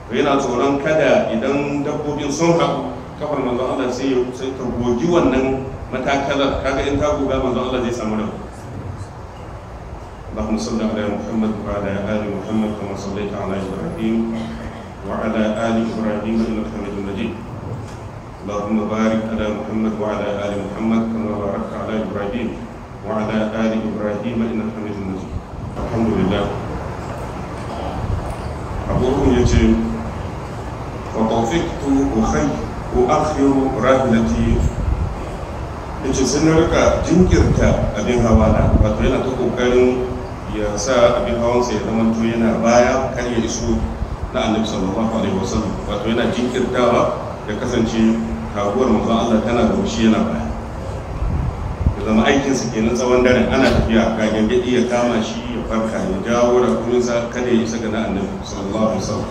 to yana tsoron kada idan dabbobin sun haɗu kafar manzon Allah sai ta gogi wannan matakalar kaga in ta goga manzon Allah zai samu rabu اللهم صل على محمد وعلى آل محمد كما صليت على إبراهيم وعلى آل إبراهيم إنك حميد مجيد اللهم بارك على محمد وعلى آل محمد كما باركت على إبراهيم وعلى آل إبراهيم إنك حميد مجيد الحمد لله أبوه يجي فطفقت أخي أؤخر رحلتي yace sun rika jinkirta abin hawa na wato yana ta kokarin ya sa abin hawansa ya zama to yana baya kan ya iso na annabi sallallahu alaihi wasallam wato yana jinkirtawa ya kasance kaguwar manzon Allah tana da shi yana baya ya zama aikin sa kenan tsawon daren ana tafiya ga gangadi ya kama shi ya farka ya jawo rakunin sa kada ya isa ga na annabi sallallahu alaihi wasallam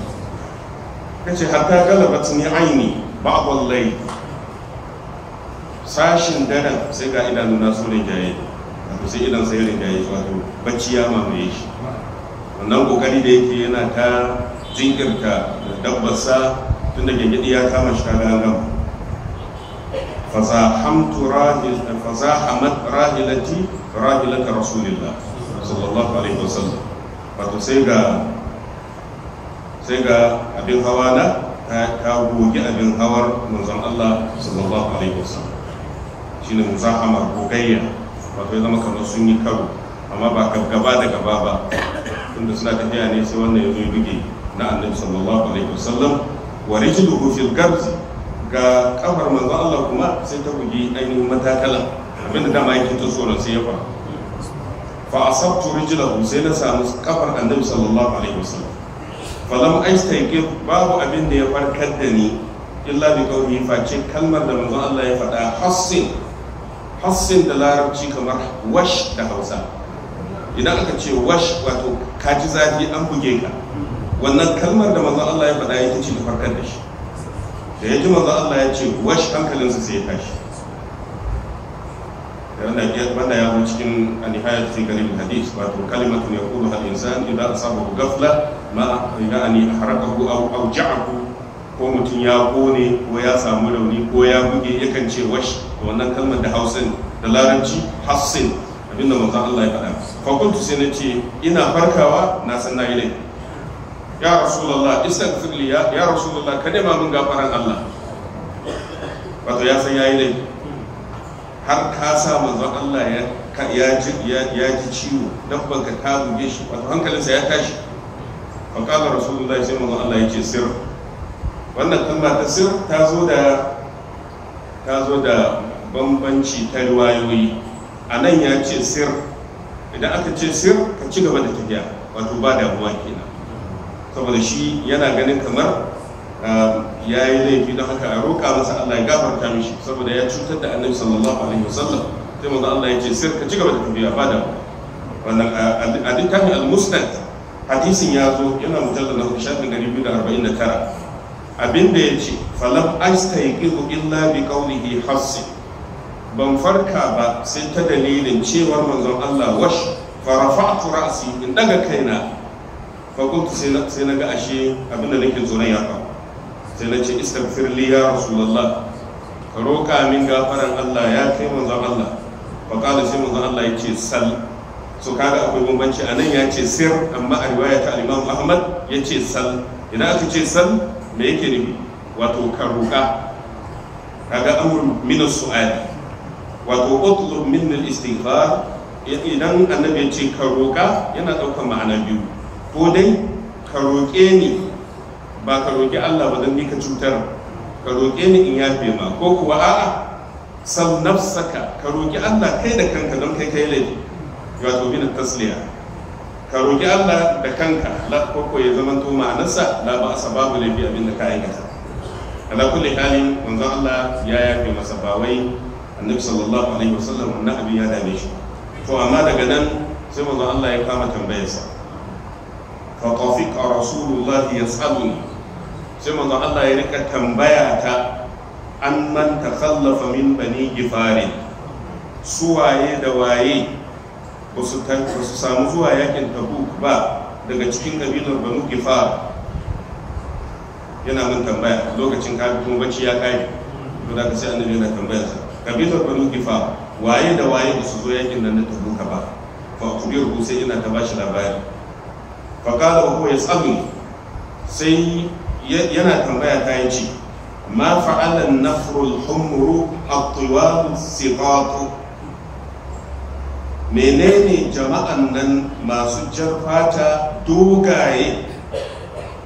kace hatta galabat ni aini ba'd al-layl sashin daren sai ga idanuna su ne jaye to sai idan sai ya yi wato bacci ya mamaye shi wannan kokari da yake yana ta jinkirta da dabbarsa tun da gyangyadi ya kama shi kaga nan fasahamtu rahil fasahamat rahilati rahilaka rasulillah sallallahu alaihi wasallam wato sai ga sai ga abin hawa na ta goge abin hawar manzon Allah sallallahu alaihi wasallam shine musahamar gogayya wato ya zama kamar sun yi karo amma ba gaba da gaba ba tunda suna tafiya ne sai wannan ya zo ya buge na annabi sallallahu alaihi wasallam wa rijluhu fil ga kafar manzo Allah kuma sai ta ainihin abinda dama yake ta tsoron sai ya fa asabtu rijlahu sai na samu kafar annabi sallallahu alaihi wasallam falam babu abin da ya farkar da ni illa bi qawli fa kalmar da manzo Allah ya faɗa hassin hassin da larabci kamar wash da hausa idan aka ce wash wato kaji zafi an buge ka wannan kalmar da manzon Allah ya faɗa ya ce da farkar da shi da ya ji manzon Allah ya ce wash hankalinsa sai ya tashi wanda ya zo cikin a nihayar cikin galibin hadis wato kalimatun ya kudu hal insan idan asabahu gafla ma yani harakahu aw aw ja'ahu ko mutum ya kone ko ya samu rauni ko ya buge yakan ce wash da wannan kalmar da hausin da larabci hassin abinda manzon Allah ya faɗa fakultu sai na ce ina farkawa na san na yi laifi ya rasulullah istaghfir li ya rasulullah ka nema min gafaran Allah wato ya san yayi laifi har ka sa manzon Allah ya ya ji ya ji ciwo dabban ka ta buge shi wato hankalinsa ya tashi fa qala rasulullah sai manzon Allah ya ce sir. wannan kalma ta sir ta zo da ta zo da bambanci ta riwayoyi a nan ya ce sir idan aka ce sir ka ci gaba da tafiya wato ba damuwa kenan saboda shi yana ganin kamar um, ya yi laifi don haka a roƙa masa Allah ya gafarta mishi saboda ya cutar da annabi sallallahu alaihi wasallam sai manzo Allah ya ce sir ka ci gaba da tafiya ba damuwa wannan a littafin al-musnad hadisin ya zo yana mujallar na shafin 249 abinda ya ce falam astaiqizu illa bi qawlihi hafsi ban farka ba sai ta dalilin cewar manzon Allah wash fa rafa'tu ra'si in daga kaina fa kuntu sai na ga ashe abinda nake tsoron ya faru sai na ce istaghfir li ya rasulullah ka roka min gafaran Allah ya kai manzon Allah fa qala sai manzon Allah yace sal so kaga akwai bambanci anan ya ce sir amma a riwaya ta Imam Ahmad yace sal idan aka ce sal me yake nufi wato ka roka kaga amrun min as-su'ali wato utlub min istighfar idan annabi ya ce ka roƙa yana ɗaukar ma'ana biyu ko dai ka roƙe ni ba ka roƙi Allah ba don ka cutar ka roƙe ni in yafe ma ko kuwa a'a sau nafsaka ka roƙi Allah kai da kanka don kai kai laifi wato bin tasliya ka roƙi Allah da kanka la koko ya zama to ma'anarsa la ba sababu laifi abin da ka aikata ala kulli halin manzon Allah ya yafe masa ba wai annabi sallallahu alaihi wasallam wannan abin ya dame shi to amma daga nan sai manzon Allah ya kama tambayarsa fa tafiqa rasulullah yasaluni sai manzon Allah ya rika tambaya ta an man takhallafa min bani gifari su waye da waye ba su samu zuwa yakin tabuk ba daga cikin kabilar banu gifar yana min tambaya lokacin kafin kuma bacci ya kai to da ka sai annabi yana tambayarsa kabilar banu gifa waye da waye ba su zo yakin nan na tabuka ba fa ku sai ina ta bashi labari fa kala wa huwa yasalu sai yana tambaya ta yace ma fa'ala an-nafru al-humru at-tiwab menene jama'an nan masu jar fata dogaye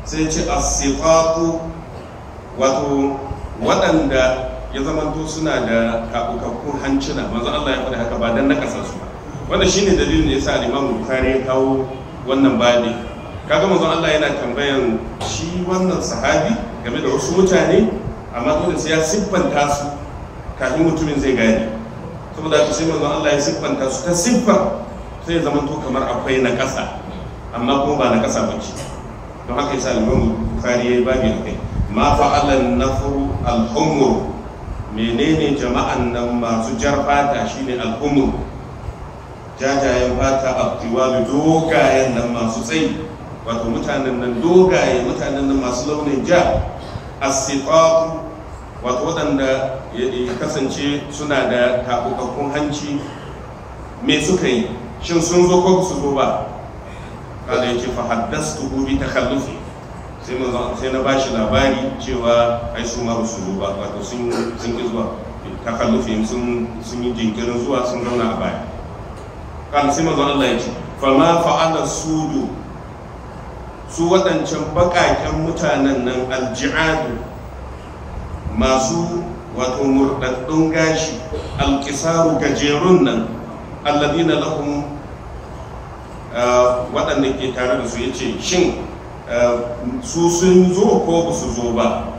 sai ce as-siqatu wato waɗanda ya zamanto suna da kaɓukakkun hancina maza Allah ya faɗi haka ba dan na su su wanda shi ne dalilin da yasa sa imam Bukhari ya kawo wannan babi kaga maza Allah yana tambayan shi wannan sahabi game da wasu mutane amma dole sai ya siffanta su kafin mutumin zai gane saboda haka sai maza Allah ya siffanta su ta siffa sai ya to kamar akwai na ƙasa amma kuma ba na ƙasa ba ce don haka yasa sa imam Bukhari ya yi babi akai ma fa'alan nafru al-humur menene jama'an nan masu jar fata shine al'ummu jajayen fata da dogayen nan masu tsayi wato mutanen nan dogaye mutanen nan masu launin ja sifatu wato waɗanda ya kasance suna da taɓuɓɓun hanci me suka yi shin sun zo ko su zo ba kada yake fa haddastu ta kallufi sai na bashi labari cewa ai su ma su ba wato sun sun ki zuwa takallufin sun sun yi jinkirin zuwa sun zauna a baya kan sai manzo Allah ya ce fama fa'ala sudu su waɗancan baƙaƙen mutanen nan aljihadu masu wato murɗaɗɗun gashi alƙisaru gajerun nan alladina lahum ah, waɗanda ke tare da su ya ce shin su sun zo ko ba su zo ba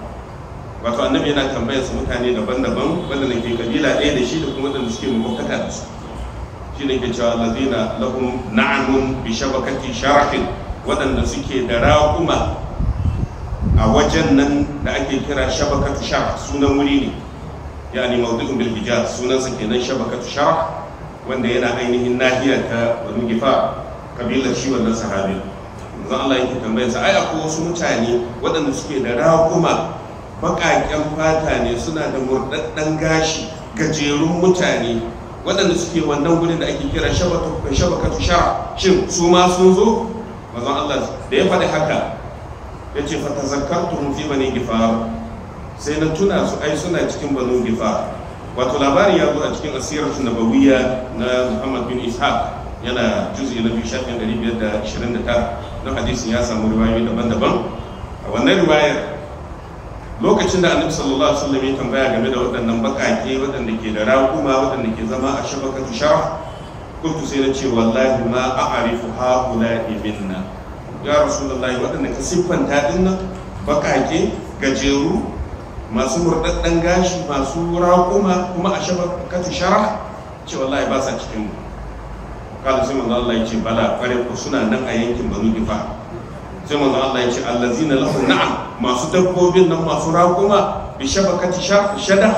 wato annabi yana tambayar su mutane daban-daban waɗanda ke kabila ɗaya da shi da kuma wanda suke mamakaka da su shi ne ke cewa lazina lahum na'amun bi shabakati sharafin waɗanda suke da raƙuma a wajen nan da ake kira shabakatu sharaf sunan wuri ne yani mawdu'un bil hijaz sunansa kenan shabakatu sharaf wanda yana ainihin nahiyar ta wani gifa kabilar shi wannan sahabin zan Allah yake tambayar sa ai akwai wasu mutane waɗanda suke da raƙuma baƙaƙen fata ne suna da murɗaɗɗen gashi gajerun mutane waɗanda suke wannan gurin da ake kira shabakatu shara shin su ma sun zo mazan Allah da ya faɗi haka ya ce fata zakartu fi bani gifar sai na tuna su ai suna cikin banu gifar wato labarin ya zo a cikin asirar nabawiyya na Muhammad bin Ishaq yana juz'i na biyu shafin 529 Wannan hadisin ya samu riwayoyi daban-daban a wannan riwayar lokacin da annabi sallallahu alaihi wasallam ya tambaya game da waɗannan bakake waɗanda ke da raƙuma waɗanda ke zama a shabakatu sharaf kuntu sai na ce wallahi ma a'rifu haula ibinna ya rasulullahi waɗanda ka siffanta dinnan bakake gajeru masu murɗaɗɗen gashi masu raƙuma kuma a shabakatu sharaf ce wallahi ba sa cikin mu kala sai manzo bala kware ko suna nan a yankin banu ifa sai manzo Allah zina ce lahu na'am masu dabbobin nan masu raƙuma bi shabakati shada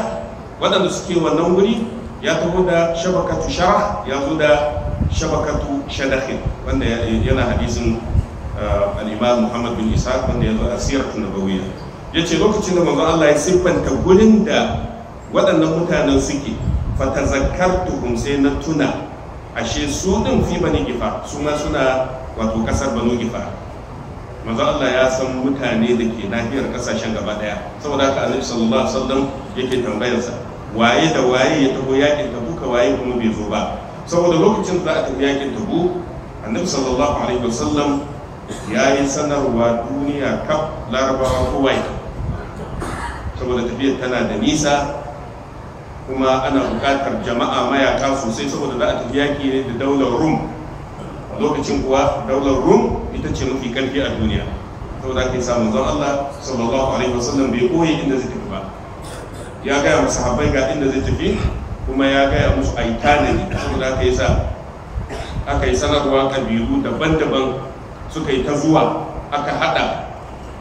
waɗanda suke wannan wuri ya taho da shabakatu shara ya zo da shabakatu shada wanda yana hadisin al-imam bin Isa wanda ya zo a siratu ya ce lokacin da manzo Allah ya siffanta gurin da waɗannan mutanen suke fatazakkartuhum sai na tuna ashe su din fi bani gifa su ma suna wato kasar bani gifa manzo Allah ya san mutane da ke nafiyar kasashen gaba daya saboda haka annabi sallallahu alaihi wasallam yake tambayar sa waye da waye ya taho yakin tabu ka waye kuma bai zo ba saboda lokacin za a tafi yakin tabu annabi sallallahu alaihi wasallam ya yi sanarwa duniya kaf larabawa kowai. saboda tafiyar tana da nisa kuma ana bukatar jama'a mayaka sosai saboda za a tafi yaki ne da daular rum lokacin kuwa daular rum ita ce mafi karfi a duniya saboda ake samun zan Allah sallallahu alaihi wasallam bai koyi inda zai tafi ba ya gaya musu habai ga inda zai tafi kuma ya gaya musu a yi tanadi saboda aka yi sa aka yi sanarwa kabilu daban-daban suka yi ta zuwa aka hada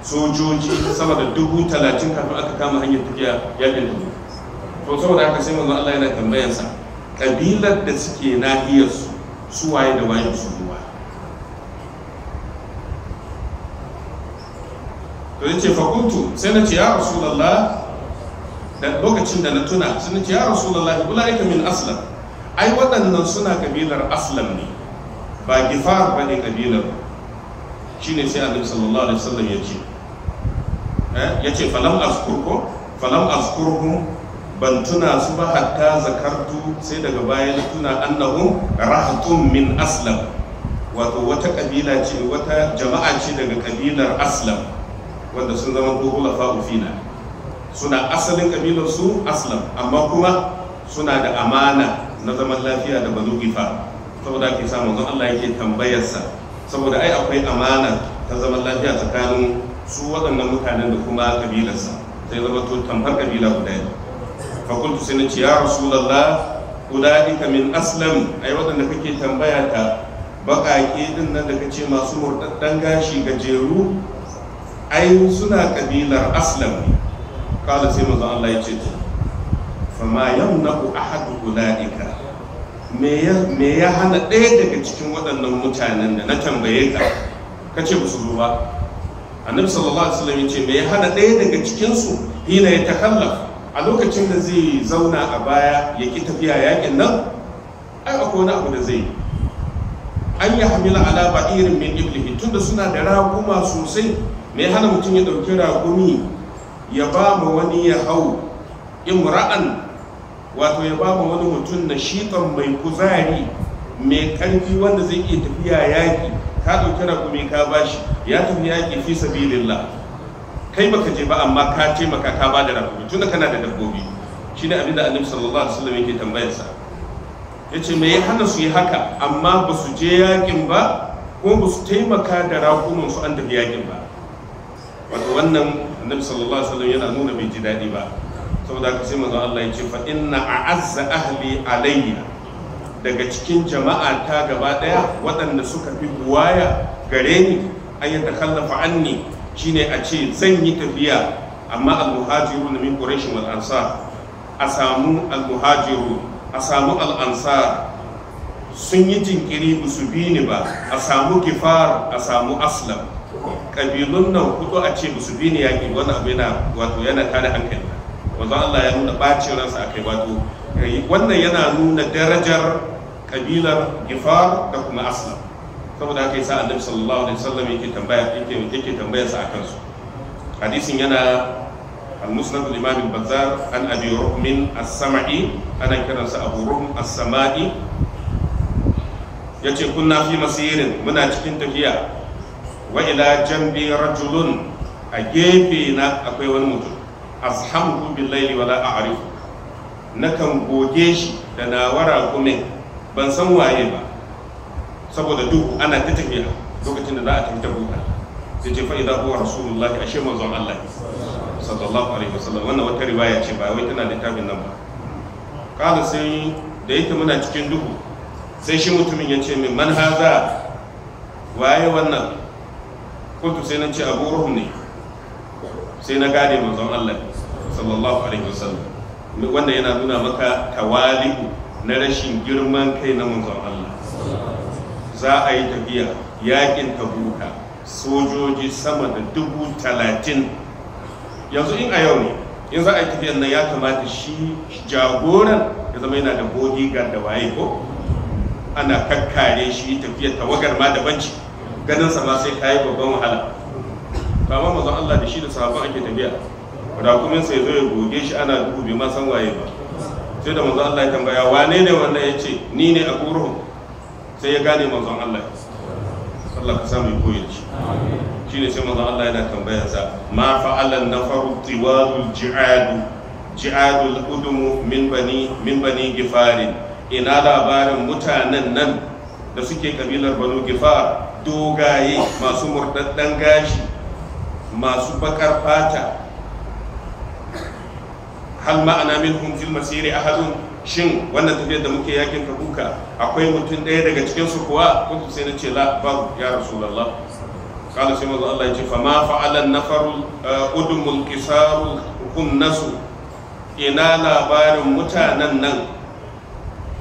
sojoji sama da dubu talatin kafin aka kama hanyar tafiya yakin tafi to saboda haka sai manzo Allah yana tambayar sa kabilar da suke nahiyar su su waye da waye su ruwa to yace fa kuntu sai na ce ya rasulullah da lokacin da na tuna sai na ce ya rasulullah ulaika min aslam ai waɗannan suna kabilar aslam ne ba gifar bane kabilar shine sai annabi sallallahu alaihi wasallam ya ce eh? ya ce falam azkurku falam azkurhum ban tuna su ba hatta zakartu sai daga baya na tuna annahum rahatun min aslam wato wata kabila ce wata jama'a ce daga kabilar aslam wanda sun zama duhula fa'ufina suna asalin kabilar su aslam amma kuma suna da amana na zaman lafiya da bazu gifa saboda ake samun zan Allah yake tambayarsa saboda ai akwai amana ta zaman lafiya tsakanin su waɗannan mutanen da kuma kabilarsa sai zama to tamfar kabila guda ne fakultu sai na ce ya rasulallah ulaika min aslam ai waɗanda kake tambaya ta baƙaƙe din nan da kace masu murɗaɗɗen gashi gajeru ai suna ƙabilar aslam ne kala sai manzon Allah ya ce to fama me ya hana ɗaya daga cikin waɗannan mutanen da na tambaye ka ce ba su ba annabi sallallahu alaihi wasallam ya ce me ya hana ɗaya daga cikin su hina ya a lokacin da zai zauna a baya ya ki tafiya yakin nan ai akwai wani abu da zai an yi hamila ala irin min iblihi tunda suna da raguma sosai mai hana mutum ya ɗauki ragumi ya ba ma wani ya hau imra'an wato ya ba ma wani mutum na shiƙan mai kuzari mai ƙarfi wanda zai iya tafiya yaƙi ka ɗauki ragumi ka bashi ya tafi yaƙi fi sabilillah kai baka je ba amma ka taimaka ka ba da rafi tun da kana da dabbobi shine abinda annabi sallallahu alaihi wasallam yake tambayar sa yace me ya hana su yi haka amma ba su je yakin ba ko ba su taimaka da rakunan su an tafi yakin ba wato wannan annabi sallallahu alaihi wasallam yana nuna bai ji daɗi ba saboda haka sai manzon Allah ya ce fa inna a'azza ahli alayya daga cikin jama'a ta gaba daya waɗanda suka fi buwaya gare ni an yi takallafa anni shine a ce zan yi tafiya amma al-muhajiru na min quraish wal ansar a samu al-muhajiru a samu al-ansar sun yi jinkiri ba su bi ni ba a samu gifar a samu aslam kabilun nan hudu a ce ba su bi ni yaki wani abu yana wato yana tada hankali wanzan Allah ya nuna bacin ransa a kai wato eh, wannan yana nuna darajar kabilar gifar da kuma aslam saboda haka yasa annabi sallallahu alaihi wasallam yake tambaya yake yake tambayar sa akan su hadisin yana al-musnad al-imam al-bazzar an abi rukmin as-sama'i ana kiransa abu ruhm as-sama'i yace kunna fi masirin muna cikin tafiya wa ila jambi rajulun a gefe na akwai wani mutum ashabu bil laili wala a'rifu nakan goge shi da nawara kuma ban san waye ba saboda duhu ana ta tafiya lokacin da za a tafi ta buɗa sai ce fa'iza huwa rasulullahi ashe manzon Allah sallallahu alaihi wasallam wannan wata riwaya ce ba wai tana littafin nan ba kala sai da yake muna cikin duhu sai shi mutumin ya ce min man haza waye wannan kuntu sai nan ce abu ruhum ne sai na gane manzon Allah sallallahu alaihi wasallam wanda yana nuna maka tawali'u na rashin girman kai na manzon Allah za a yi tafiya yakin tabuka sojoji sama da dubu talatin yanzu in a yau ne in za a yi nan ya kamata shi jagoran ya zama yana da bodyguard da waye ko ana kakkare shi tafiyar tawagar ma da banci. ganin sa ma sai kayi babban wahala ba ma mazan Allah da shi da sahabban ake tafiya rakumin sai zo ya goge shi ana dubu bai ma san waye ba sai da mazan Allah ya tambaya wane ne wannan ya ce ni ne a kuruhu sai ya gane manzon Allah Allah ka samu koyi shi shine sai manzon Allah yana tambayar sa ma fa'ala nafaru tiwalul ji'adu ji'adul udumu min bani min bani gifarin ina labarin mutanen nan da suke kabilar banu gifar dogaye masu murdaddan gashi masu bakar fata hal ma'ana minhum fil masiri ahadun shin wannan tafiyar da muke yakin kabuka akwai mutum ɗaya daga cikin su kuwa kuntu sai na ce la ba ya rasulullah qala sai manzo Allah ya fa ma fa'ala an-nafaru eh, udumul qisaru hum nasu ina labarin mutanen nan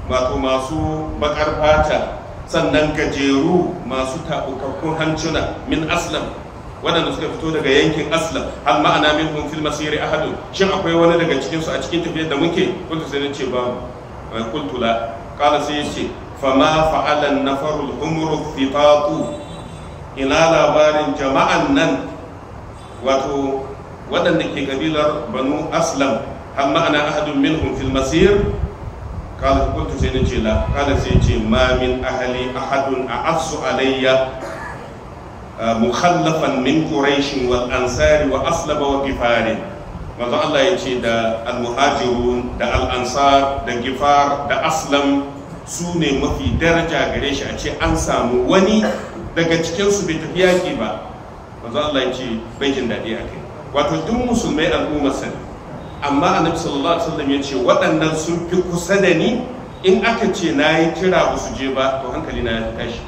wato masu bakar fata sannan gajeru masu tabukakkun hancuna min aslam waɗanda suka fito daga yankin aslam hal ma'ana min minhum fil masiri ahadun shin akwai wani daga cikin su a cikin tafiyar da muke kuntu sai nace ba eh, kuntu la qala sai yace fama fa'ala an-nafarul humru fitatu ina labarin jama'an nan wato waɗanda ke kabilar banu aslam hal ma'ana ahadun minhum fil masir قال قلت سيدنا لا قال سيدنا ma min أهلي أحد أعص علي mukhallafan min quraish wal ansari wa aslaba wa gifari manzo da al da al-ansar da gifar da aslam sune mafi daraja gare a ce an samu wani daga cikinsu bai tafi yaƙi ba manzo Allah ya ce bai jin a kai wato duk musulmai al'ummar sani amma annabi sallallahu alaihi ya ce waɗannan sun fi kusa da ni in aka ce na yi kira ba su je ba to hankali na tashi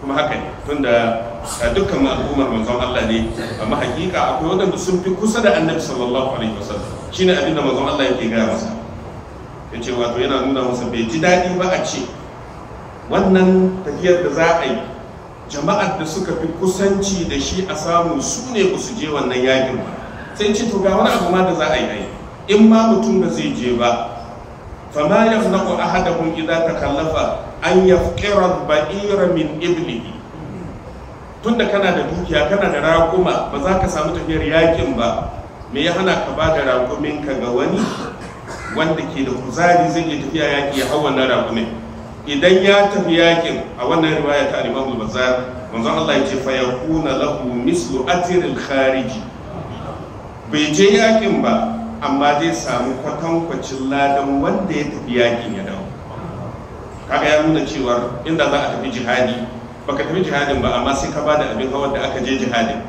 kuma haka ne a dukkan al'ummar manzon Allah ne amma hakika akwai waɗanda sun fi kusa da annabi sallallahu alaihi wasallam shine abinda manzon Allah yake gaya masa yace wato yana nuna masa bai ji daɗi ba a ce wannan tafiyar da za a yi jama'ar da suka fi kusanci da shi a samu su ne ba su je wannan yakin ba sai ce to ga wani abu ma da za a yi in ma mutum ba zai je ba fama yafnaqu ahadakum idza takallafa an yafqira ba'ira min iblihi tunda kana da dukiya kana da raƙuma ba za ka samu tafiyar yakin ba me ya hana ka ba da raƙuminka ga wani wanda ke da kuzari zai iya tafiya yaƙi ya hau wannan raƙumin idan ya tafi yaƙin a wannan riwaya ta Imam Al-Bazar manzo Allah ya ce fa yakuna lahu mislu atiril khariji bai je yaƙin ba amma zai samu kwatankwacin ladan wanda ya tafi yaƙin ya dawo kaga ya nuna cewa inda za a tafi jihadi baka tafi jihadin ba amma sai ka ba da abin hawa da aka je jihadin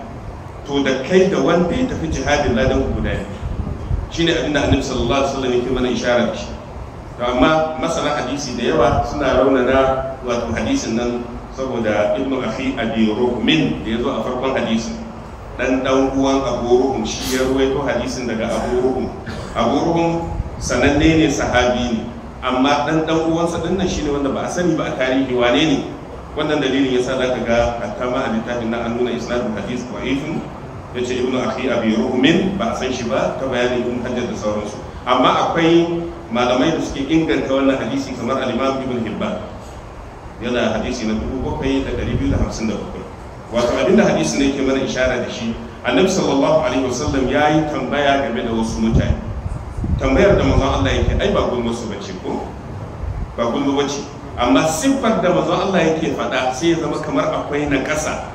to da kai da wanda ya tafi jihadin ladan ku guda ne shine abin da annabi sallallahu alaihi wasallam yake mana isharar shi to amma masana hadisi da yawa suna raunana wato hadisin nan saboda ibnu akhi abi rumin da yazo a farkon hadisin dan dan uwan abu ruhum shi ya ruwaito hadisin daga abu ruhum abu ruhum sananne ne sahabi ne amma dan dan uwansa dinnan shine wanda ba a sani ba a tarihi wane ne wannan dalilin ya sa za ka ga hatta ma a littafin na an nuna isnadul hadis da'ifun ya ce ibnu akhi abi ruhmin ba a san shi ba ta bayanin ibn hajjar da sauransu amma akwai malamai da suke inganta wannan hadisi kamar al-imam ibn yana hadisi na da da da dari biyu hamsin bakwai. 7257 wato abinda hadisi ne ke mana ishara da shi annabi sallallahu alaihi wasallam ya yi tambaya game da wasu mutane tambayar da manzon Allah yake ai ba gulma su bace ko ba gulma bace amma siffar da manzon Allah yake faɗa sai ya zama kamar akwai na ƙasa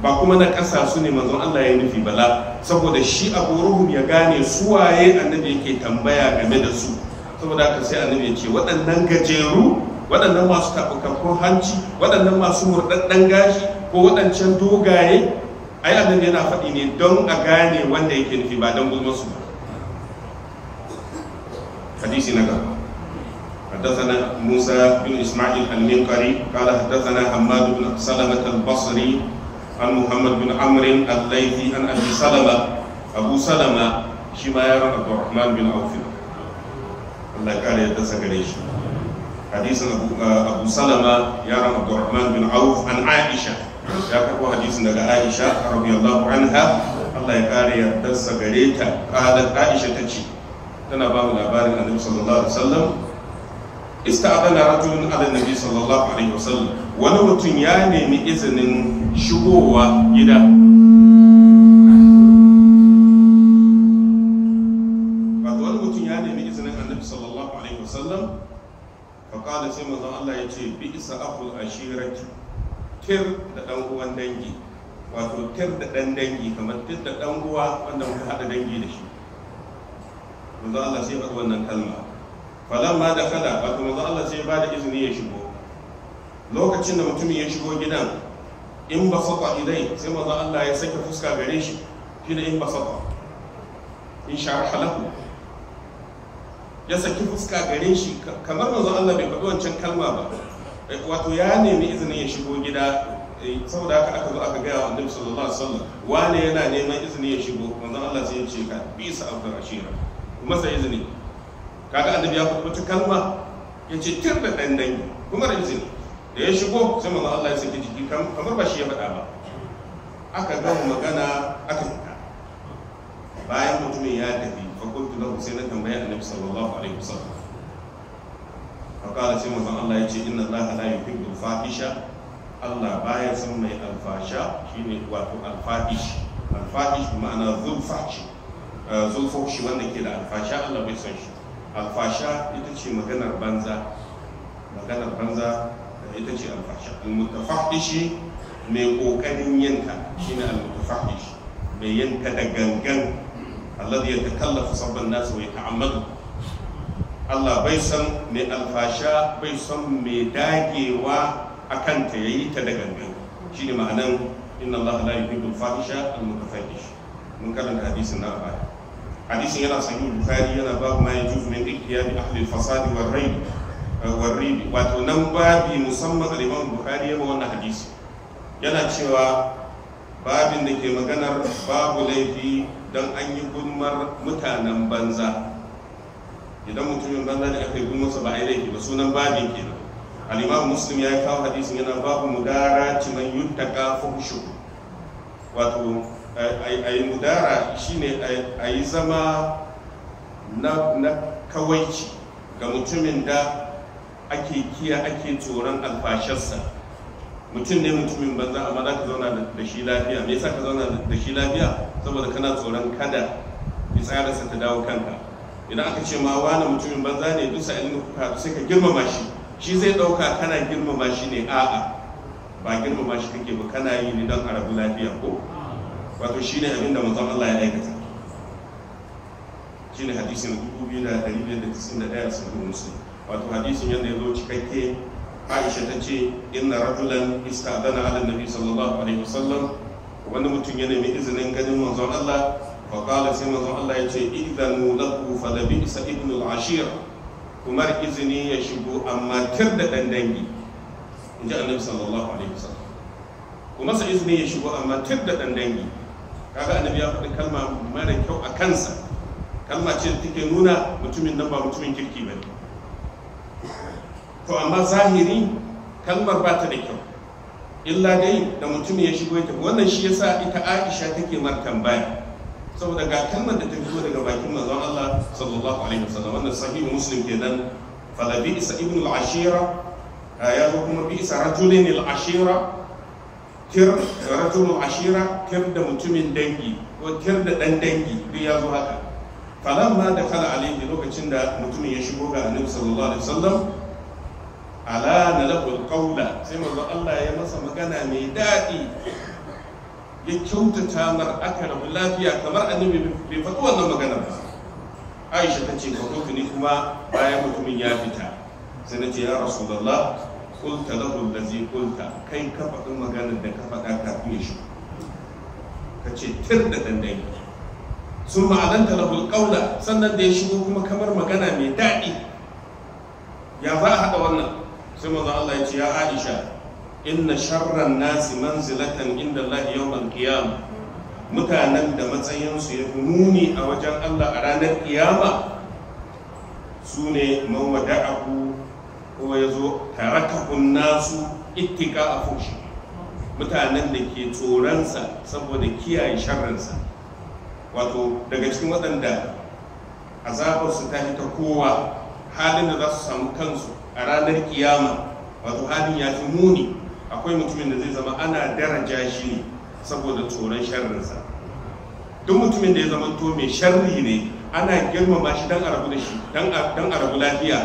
ba kuma na ƙasa su ne manzon Allah ya nufi bala saboda shi a ruhum ya gane suwaye annabi yake tambaya game da su saboda haka sai annabi ya ce waɗannan gajeru waɗannan masu taɓukakkun hanci waɗannan masu murɗaɗɗen gashi ko waɗancan dogaye ai annabi yana faɗi ne don a gane wanda yake nufi ba don gulmasu ba hadisi na gaba حدثنا موسى بن إسماعيل المنقري قال حدثنا حماد بن سلمة البصري عن محمد بن عمرو الليثي عن أبي سلمة أبو سلمة شماير عبد الرحمن بن عوف الله قال يدس قريش حديث أبو, أبو سلمة يا عبد الرحمن بن عوف عن عائشة يا كتبوا حديث لك عائشة رضي الله عنها الله قال يدس قريتا قالت عائشة تجي تنا باب الأبارك النبي صلى الله عليه وسلم istadana rajulun ala nabi sallallahu alaihi wasallam wani mutum ya nemi izinin shigowa gida wato wani mutum ya nemi izinin annabi sallallahu alaihi wasallam faƙada sai mazan Allah ya ce bi isa akul ashirati tir da ɗan uwan dangi wato tir da ɗan dangi kamar tir da ɗan uwa wanda muka haɗa dangi da shi mazan Allah sai faɗi wannan kalma falan ma da kada wato manzo Allah sai ba da izini ya shigo lokacin da mutumin ya shigo gidan in ba saba idai sai manzo Allah ya sake fuska gare shi da in ba saba, in sharaha lahu ya saki fuska gare shi kamar manzo Allah bai faɗi wancan kalma ba eh, wato ya nemi izinin ya shigo gida eh, saboda haka aka zo aka gaya wa annabi sallallahu alaihi wasallam wane yana neman izini ya shigo manzo Allah sai ya ce ka sa abdur rashid sai izini kaga annabi ya faɗi wata kalma ya ce tir da ɗan dangi kuma da izini da ya shigo sai manzo Allah ya saki jiki kamar ba shi ya faɗa ba aka gama magana aka fita bayan mutumin ya tafi fa kuntu lahu sai na tambaye annabi sallallahu alaihi wasallam fa qala sai manzo Allah ya ce inna Allah la yuhibbu al-fahisha Allah baya son mai alfasha shine wato alfahish alfahish bi ma'ana zulfahish eh, zulfahish wanda ke da alfasha Allah bai san shi alfasha ita ce maganar banza maganar banza eh, ita ce alfasha almutafahishi mai kokarin yanka shine almutafahish mai yanka da gangan alladhi yatakallafu sabban nas wa yata'ammadu Allah bai san mai alfasha bai san mai dagewa akan ta yayi ta da gangan shine ma'anan inna Allah la yuhibbu al-fahisha al mun karanta hadisin na baya hadisin yana sahih bukhari yana babu ma yajuzu min iqtiyab ahli al-fasad wal rayd eh, wal rib wato nan babi musamman al-imam bukhari ya wannan hadisi yana cewa babin da ke maganar babu laifi don an yi gulmar mutanen banza idan mutumin banza da aka yi gulmarsa ba a yi laifi ba sunan babin kenan al'imam muslim ya kawo hadisin yana babu mudara ciman yuttaka fuhushu wato a yi mudara shine a yi zama na kawaici ga mutumin da ake kiya ake tsoron alfasharsa mutum ne mutumin banza amma za ka zauna da shi lafiya me yasa ka zauna da shi lafiya saboda kana tsoron kada fitsararsa ta dawo kanka idan aka ce ma wani mutumin banza ne duk sa'ilin ka kuka sai ka girmama shi shi zai ɗauka kana girmama shi ne a'a ba girmama shi kake ba kana yi ne don a rabu lafiya ko wato shine abin da manzon Allah ya aikata hadisin da da shine hadisi na 2291 sahih muslim wato hadisin yadda ya zo cikakke Aisha ta ce inna rajulan istadana ala nabi sallallahu alaihi wasallam wani mutum ya nemi izinin ganin manzon Allah fa qala sai manzon Allah ya ce idanu lahu fa da bi isa ibn al-ashir kumar izini ya shigo amma tir da dan dangi inji annabi sallallahu alaihi wasallam kuma sa izini ya shigo amma tir da dan kaga annabi ya faɗi kalma mara kyau a kansa kalma ce da take nuna mutumin nan ba mutumin kirki ba ne to amma zahiri kalmar ba ta da kyau illa dai da mutum ya shigo ita wannan shi yasa ita aisha take mar tambaya saboda ga kalmar da ta fito daga bakin manzon Allah sallallahu alaihi wasallam wannan sahihu muslim kenan falabi isa ibn al-ashira ya zo kuma bi isa rajulin al-ashira kir rajulun ashira tir da mutumin dangi ko da ɗan dangi duk ya zo haka falamma da kala alaihi lokacin da mutumin ya shigo ga annabi sallallahu alaihi wasallam ala na lahul qawla sai manzo Allah ya masa magana mai daɗi ya kyautata mar aka rabu lafiya kamar annabi bai faɗi wannan magana ba Aisha ta ce ka ni kuma bayan mutumin ya fita sai na ce ya rasulullah qulta lahu allazi qulta kai ka faɗi maganar da ka faɗa kafin ya shigo ka ce tir da dandai sun ma'azanta lahul ƙaula sannan da ya shigo kuma kamar magana mai daɗi ya za a haɗa wannan sai maza Allah ya ce ya Aisha inna sharran nasi manzilatan inda Allah yawmal qiyam mutanen da matsayinsu ya fi muni a wajen Allah a ranar kiyama su ne man wada'ahu ko ya zo tarakahun nasu ittika a fushi mutanen da ke tsoronsa saboda kiyaye sharrinsa wato daga cikin waɗanda azabarsu ta ta kowa halin da za su samu kansu a ranar kiyama wato halin ya fi muni akwai mutumin da zai zama ana daraja shi ne saboda tsoron sharrinsa duk mutumin da ya zama to mai sharri ne ana girmama shi don arabu da shi don arabu lafiya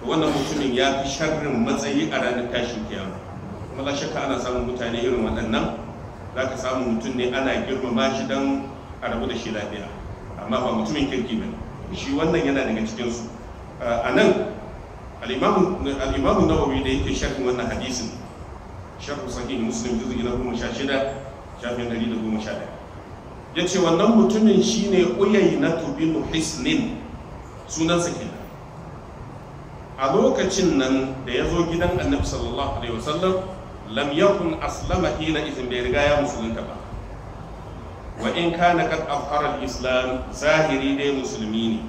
da wannan mutumin ya fi sharrin matsayi a ranar tashin kiyama kuma la shakka ana samun mutane irin waɗannan za ka samu mutum ne ana girmama shi don a rabu da shi lafiya amma ba mutumin kirki ba shi wannan yana daga cikinsu a nan al'imamu nawawi da yake sharhin wannan hadisin sharhu sahih muslim juzu na goma sha shida shafin dari da goma sha ɗaya ya ce wannan mutumin shi ne uyai na tubinu hisnin sunansa kenan a lokacin nan da ya zo gidan annabi sallallahu alaihi wasallam lam yakun aslama hina izin bai riga ya musulunta ba wa in kana kad afhara islam zahiri dai musulmi ne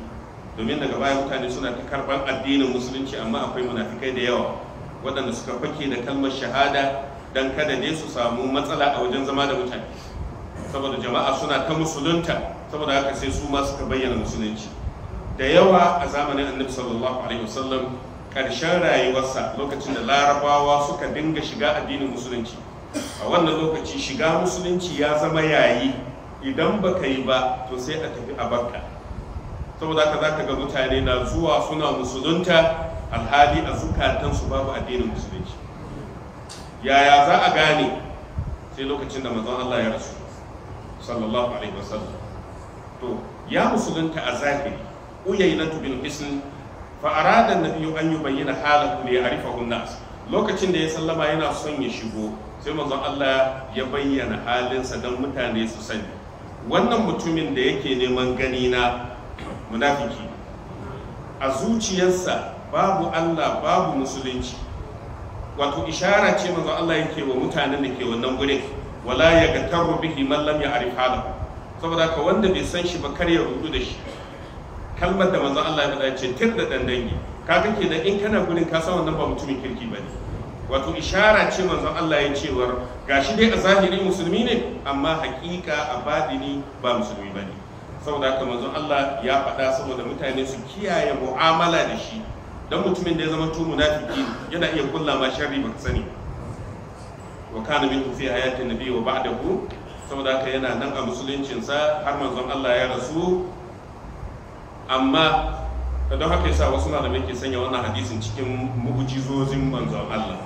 domin daga baya mutane suna ta karban addinin musulunci amma akwai munafikai da yawa waɗanda suka fake da kalmar shahada dan kada ne su samu matsala a wajen zama da mutane saboda jama'a suna ta musulunta saboda haka sai su ma suka bayyana musulunci da yawa a zamanin annabi sallallahu alaihi wasallam ƙarshen rayuwarsa lokacin da larabawa suka dinga shiga addinin musulunci a wannan lokaci shiga musulunci ya zama yayi idan baka yi ba to sai a tafi a barka saboda za zaka ga mutane na zuwa suna musulunta alhali a zukatansu babu addinin musulunci yaya za a gane sai lokacin da mazan Allah ya rasu sallallahu alaihi wasallam to ya musulunta a zahiri uyaynatu bin hisn fa arada nabiyyu an yubayyana halahu li ya'rifahu nas lokacin da ya sallama yana son ya shigo sai manzon Allah ya bayyana halinsa don mutane su sani wannan mutumin da yake neman gani na munafiki a zuciyarsa babu Allah babu musulunci wato ishara ce manzon Allah yake wa mutanen da ke wannan gurin wala ya ga bihi man lam ya'rif halahu saboda ka wanda bai san shi ba kar ya rudu da shi kalmar da manzo Allah ya faɗa ce tir da dan dangi ke kenan in kana gurin ka san wannan ba mutumin kirki bane wato ishara ce manzo Allah ya cewar gashi dai a zahiri musulmi ne amma hakika a badini ba musulmi bane saboda haka manzo Allah ya faɗa saboda mutane su kiyaye mu'amala da shi dan mutumin da ya zama tu munafiki yana iya kulla ma sharri ba sani wa kana min fi hayatin nabiyyi wa ba'dahu saboda haka yana nan a musuluncinsa har manzon Allah ya rasu amma don haka yasa wasu malamai ke sanya wannan hadisin cikin mu'jizozin manzon Allah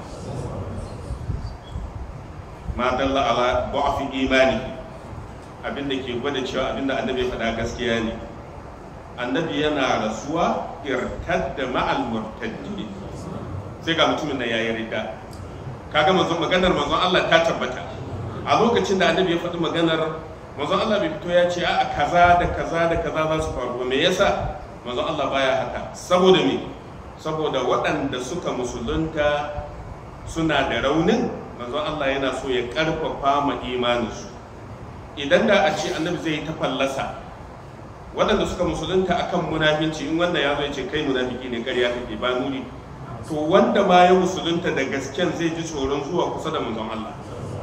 ma dalla ala ba'fi imani abinda ke gwada cewa abinda annabi ya faɗa gaskiya ne annabi yana rasuwa irtadda ma'al murtaddi sai ga mutumin nan yayi rida kaga manzon maganar manzon Allah ta tabbata a lokacin da annabi ya faɗi maganar manzon Allah bai fito ya ce a kaza da kaza da kaza za su faru me yasa manzon Allah baya haka saboda me saboda waɗanda suka musulunta suna da raunin manzon Allah yana so ya karfafa ma imaninsu idan da a ce annabi zai ta fallasa waɗanda suka musulunta akan munafinci in wanda ya zo ya ce kai munafiki ne karya kake ba nuri to wanda ma ya musulunta da gasken zai ji tsoron zuwa kusa da manzon Allah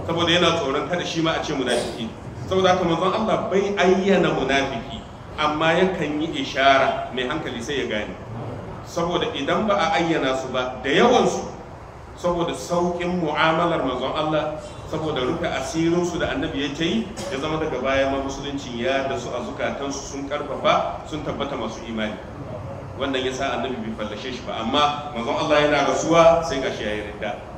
saboda yana tsoron kada shi ma a ce munafiki ne saboda haka manzon Allah bai ayyana munafiki amma yakan yi ishara mai hankali sai ya gane saboda idan ba a ayyana su ba da yawansu saboda sauƙin mu'amalar manzon Allah saboda rufe asirinsu da annabi ya ce yi ya zama daga baya ma musulunci ya da su a zukatansu sun karfafa sun tabbata masu imani wannan ya sa annabi bai fallashe shi ba amma manzon Allah yana rasuwa sai gashi ya yi ridda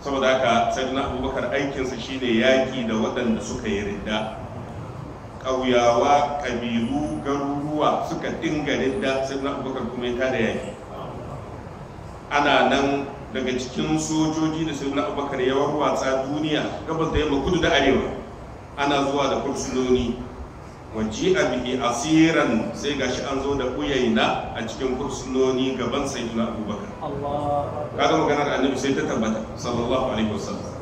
saboda haka sai na abubakar aikinsa shine yaƙi da waɗanda suka yi ridda ƙauyawa Kabiru garuruwa suka dinga ridda sai na abubakar kuma ya tada yaƙi ana nan daga cikin sojoji da sai na abubakar ya warwatsa duniya gabas da yamma kudu da arewa ana zuwa da fursunoni wa ji'a bihi asiran sai gashi an zo da uyaina a cikin kursunoni gaban sayyidina abubakar kaga da annabi sai ta tabbata sallallahu alaihi wasallam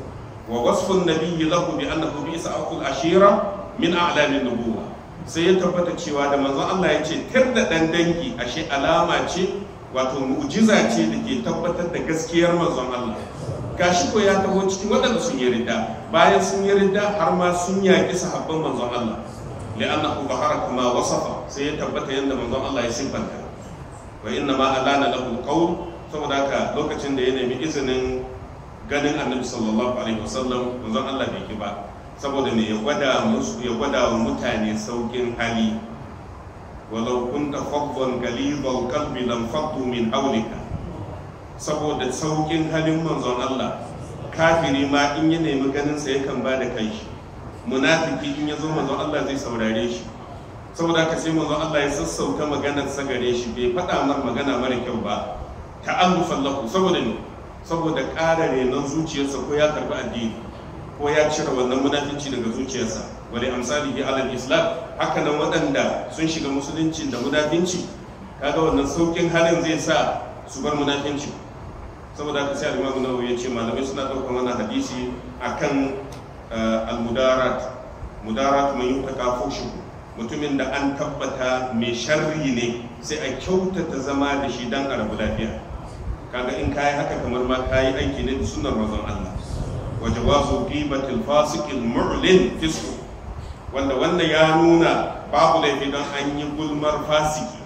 wa wasfun nabiyyi lahu bi annahu bi sa'atul ashira min a'lamin nubuwa sai ya tabbata cewa da manzon Allah ya ce tar da dan dangi ashe alama ce wato mu'jiza ce da ke tabbatar da gaskiyar manzon Allah gashi ko ya taho cikin waɗanda sun yi ridda bayan sun yi ridda har ma sun yaƙi sahabban manzon Allah li'annahu bahara kuma wasafa sai ya tabbata yadda manzon Allah ya siffanta wa inna ma alana lahu qawl saboda haka lokacin da ya nemi izinin ganin annabi sallallahu alaihi wasallam manzon Allah bai ki ba saboda ne ya gwada musu mutane saukin hali walau kunta faddan galibal qalbi lam faddu min hawlika saboda saukin halin manzon Allah kafiri ma in ya nemi ganin sa yakan ba da kai munafiki in ya zo manzon Allah zai saurare shi saboda ka sai manzon Allah ya sassauta maganar sa gare shi bai faɗa mar magana mara kyau ba ta'allufan lahu saboda ne saboda ƙara renon zuciyarsa ko ya karbi addini ko ya cire wannan munafici daga zuciyarsa wani amsali bi alal islam haka nan waɗanda sun shiga musulunci da munafinci kaga wannan saukin halin zai sa su bar munafinci saboda ka sai al-imamu nawawi ya ce malamai suna ɗaukar wannan hadisi akan al-mudarat mudarat man yuntaka mutumin da an tabbata mai sharri ne sai a kyautata zama da shi dan a rabu lafiya kaga in kayi haka kamar ma kayi aiki ne da sunan manzon Allah wa jawazu ghibatil fasiqil mu'lin fisq wanda wanda ya nuna babu laifi don an yi gulmar fasiki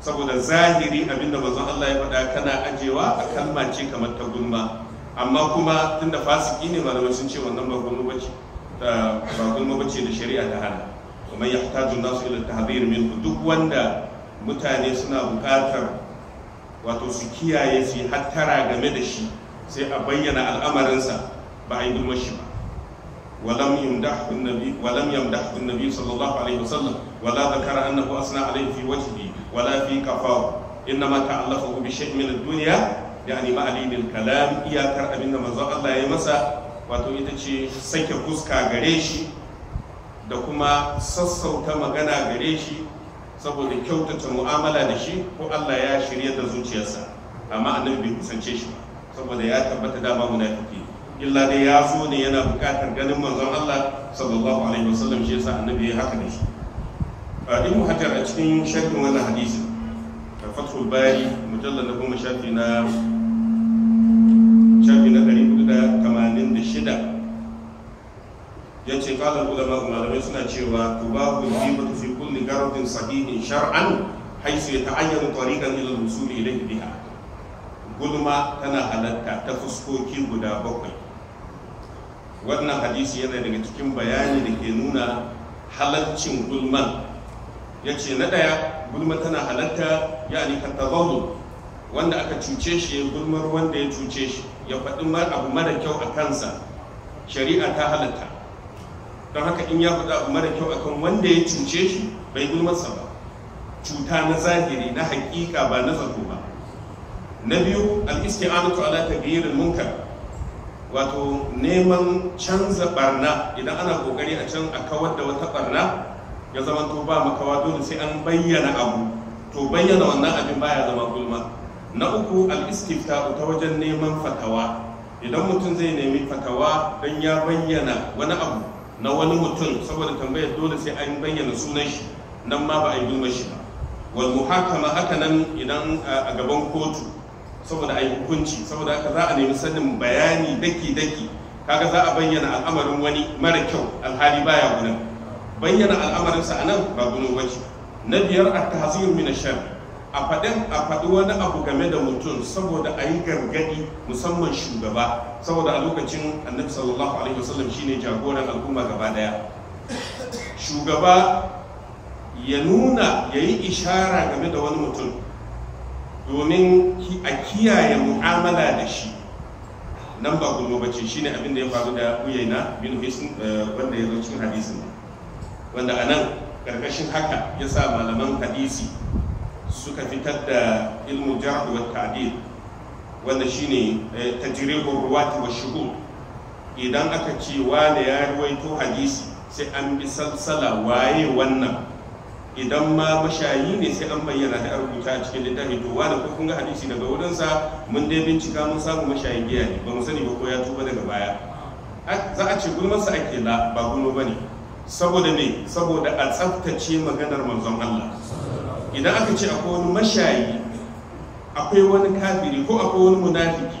saboda zahiri abinda manzon Allah ya faɗa kana ajewa a kalma ce kamar ta gulma amma kuma tunda fasiki ne malamai sun ce wannan ba gulma bace ba gulma bace da shari'a ta hana kuma ya hataju nasu ila tahdhir min duk wanda mutane suna bukatar wato su kiyaye su yi hattara game da shi sai a bayyana al'amarinsa ba a yi gulma shi ba ولم يمدحه النبي ولم يمدحه النبي صلى الله عليه وسلم ولا ذكر انه اثنى عليه في وجهه ولا في كفاه انما تألفه بشيء من الدنيا yani ma'alilil kalam iyakar abinda manzon Allah ya masa wato ita ce sake fuska gare shi da kuma sassauta magana gare shi saboda kyautata mu'amala da shi ko Allah ya shirya da zuciyarsa amma annabi bai kusance shi ba saboda ya tabbata dama munafiki illa dai ya zo ne yana buƙatar ganin manzon Allah sallallahu alaihi wasallam shi yasa annabi ya haka da shi ibn hajar a cikin sharhin wannan hadisi fathul bari mujallal na goma shafi na 286 ya ce kalar ulama malamai suna cewa tubahu zibatu fi kulli garadin sahihin shar'an haisu ya ta'ayyana tariqan ila rusuli ilayhi biha gulma tana halatta ta fuskoki guda bakwai wannan hadisi yana daga cikin bayani da ke nuna halaccin gulman ya ce na ɗaya gulma tana halatta ya ne wanda aka cuce shi ya gulmar wanda ya cuce shi ya faɗi abu mara kyau a kansa shari'a ta halatta don haka in ya faɗi abu mara kyau akan wanda ya cuce shi bai gulmarsa ba cuta na zahiri na hakika ba na zato ba na biyu al Anatu ala tabyirin munkar wato neman canza barna idan ana kokari a can a kawar da wata barna ya zama to ba makawa dole sai an bayyana abu to bayyana wannan abin baya zama gulma na uku al-istifta ta wajen neman fatawa idan mutum zai nemi fatawa don ya bayyana wani abu na wani mutum saboda tambayar dole sai an bayyana sunan shi nan ma ba a yi duba shi ba wal muhakama haka nan idan a gaban kotu saboda a yi hukunci saboda haka za a nemi sanin bayani daki daki kaga za a bayyana al'amarin wani mara kyau alhali baya gudan bayyana al'amarinsa a nan ba gudun wace na biyar a tahzir min shar a faɗin a faɗi wani abu game da mutum saboda a yi gargaɗi musamman shugaba saboda a lokacin annabi sallallahu alaihi wasallam shine jagoran al'umma gaba daya shugaba ya nuna ya yi ishara game da wani mutum domin a kiyaye mu'amala da shi nan ba ku ba ce shine abin da ya faru da uyaina bin hisn eh, wanda ya zo cikin hadisin wanda anan nan ƙarƙashin haka ya sa malaman hadisi suka fitar da ilmu jarh wa ta'dil wanda shine eh, tajribur ruwati wa shuhud idan aka ce wane ya ruwaito hadisi sai an bi salsala waye wannan idan ma mashayi ne sai an bayyana da rubuta a cikin littafi to wani ko kun ga hadisi daga wurinsa mun dai bincika mun samu mashayin giya ne ba mu sani ba ko ya tuba daga baya za a ce gulmansa ake la ba gulma ba ne saboda ne saboda a tsaftace maganar manzon Allah idan aka ce akwai wani mashayi akwai wani kafiri ko akwai wani munafiki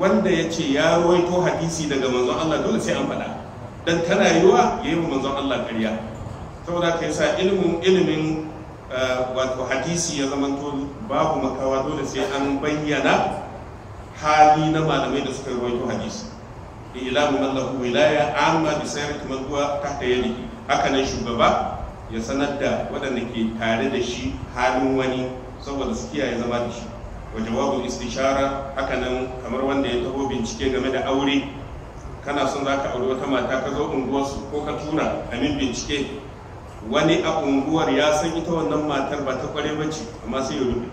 wanda ya ce ya roito hadisi daga manzon Allah dole sai an faɗa dan tana yiwa ya yi manzon Allah ƙarya saboda ka yasa ilimin ilimin eh, wato hadisi ya zama babu makawa dole sai an bayyana hali na malamai da suka roito hadisi ilamu man lahu wilaya amma bi sayyidatu man tahta yadihi haka nan shugaba ya sanar da waɗanda ke tare da shi halin wani saboda su kiyaye zama da shi wa jawabul istishara nan kamar wanda ya taho bincike game da aure kana son za ka aure wata mata ka zo unguwarsu ko ka tura amin bincike wani a unguwar ya san ita wannan matar ba ta kware ba ce amma sai ya rufe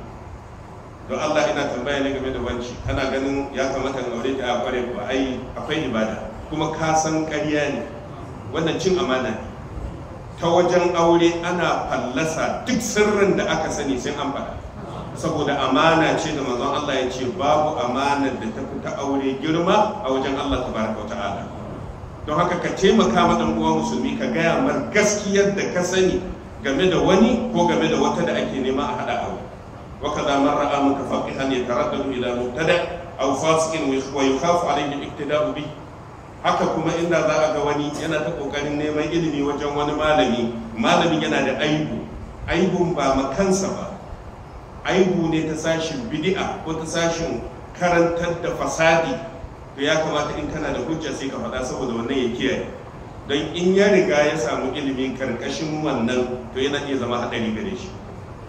don Allah ina tambaya ne game da wanci kana ganin ya kamata ka aure ta a kware ba ai akwai ibada kuma ka san ƙarya ne wannan cin amana ne ta wajen aure ana fallasa duk sirrin da aka sani sai an faɗa saboda amana ce da manzon Allah ya ce babu amanar da ta fita aure girma a wajen Allah tabaraka wa ta'ala don haka ka taimaka ma dan uwa musulmi ka gaya mar gaskiyar da ka sani game da wani ko game da wata da ake nema a hada aure wa kaza man ra'a mutafaqihan yataraddadu ila mubtada aw fasiqin wa yukhafu alayhi al-iqtida'u bihi haka kuma inda za a ga wani yana ta kokarin neman ilimi wajen wani malami malamin yana da aibu aibun ba makansa ba aibu ne ta sashin bidi'a ko ta sashin karantar da fasadi to ya kamata in kana da hujja sai ka faɗa saboda wannan ya kiyaye don in ya riga ya samu ilimin karkashin wannan to yana iya zama haɗari gare shi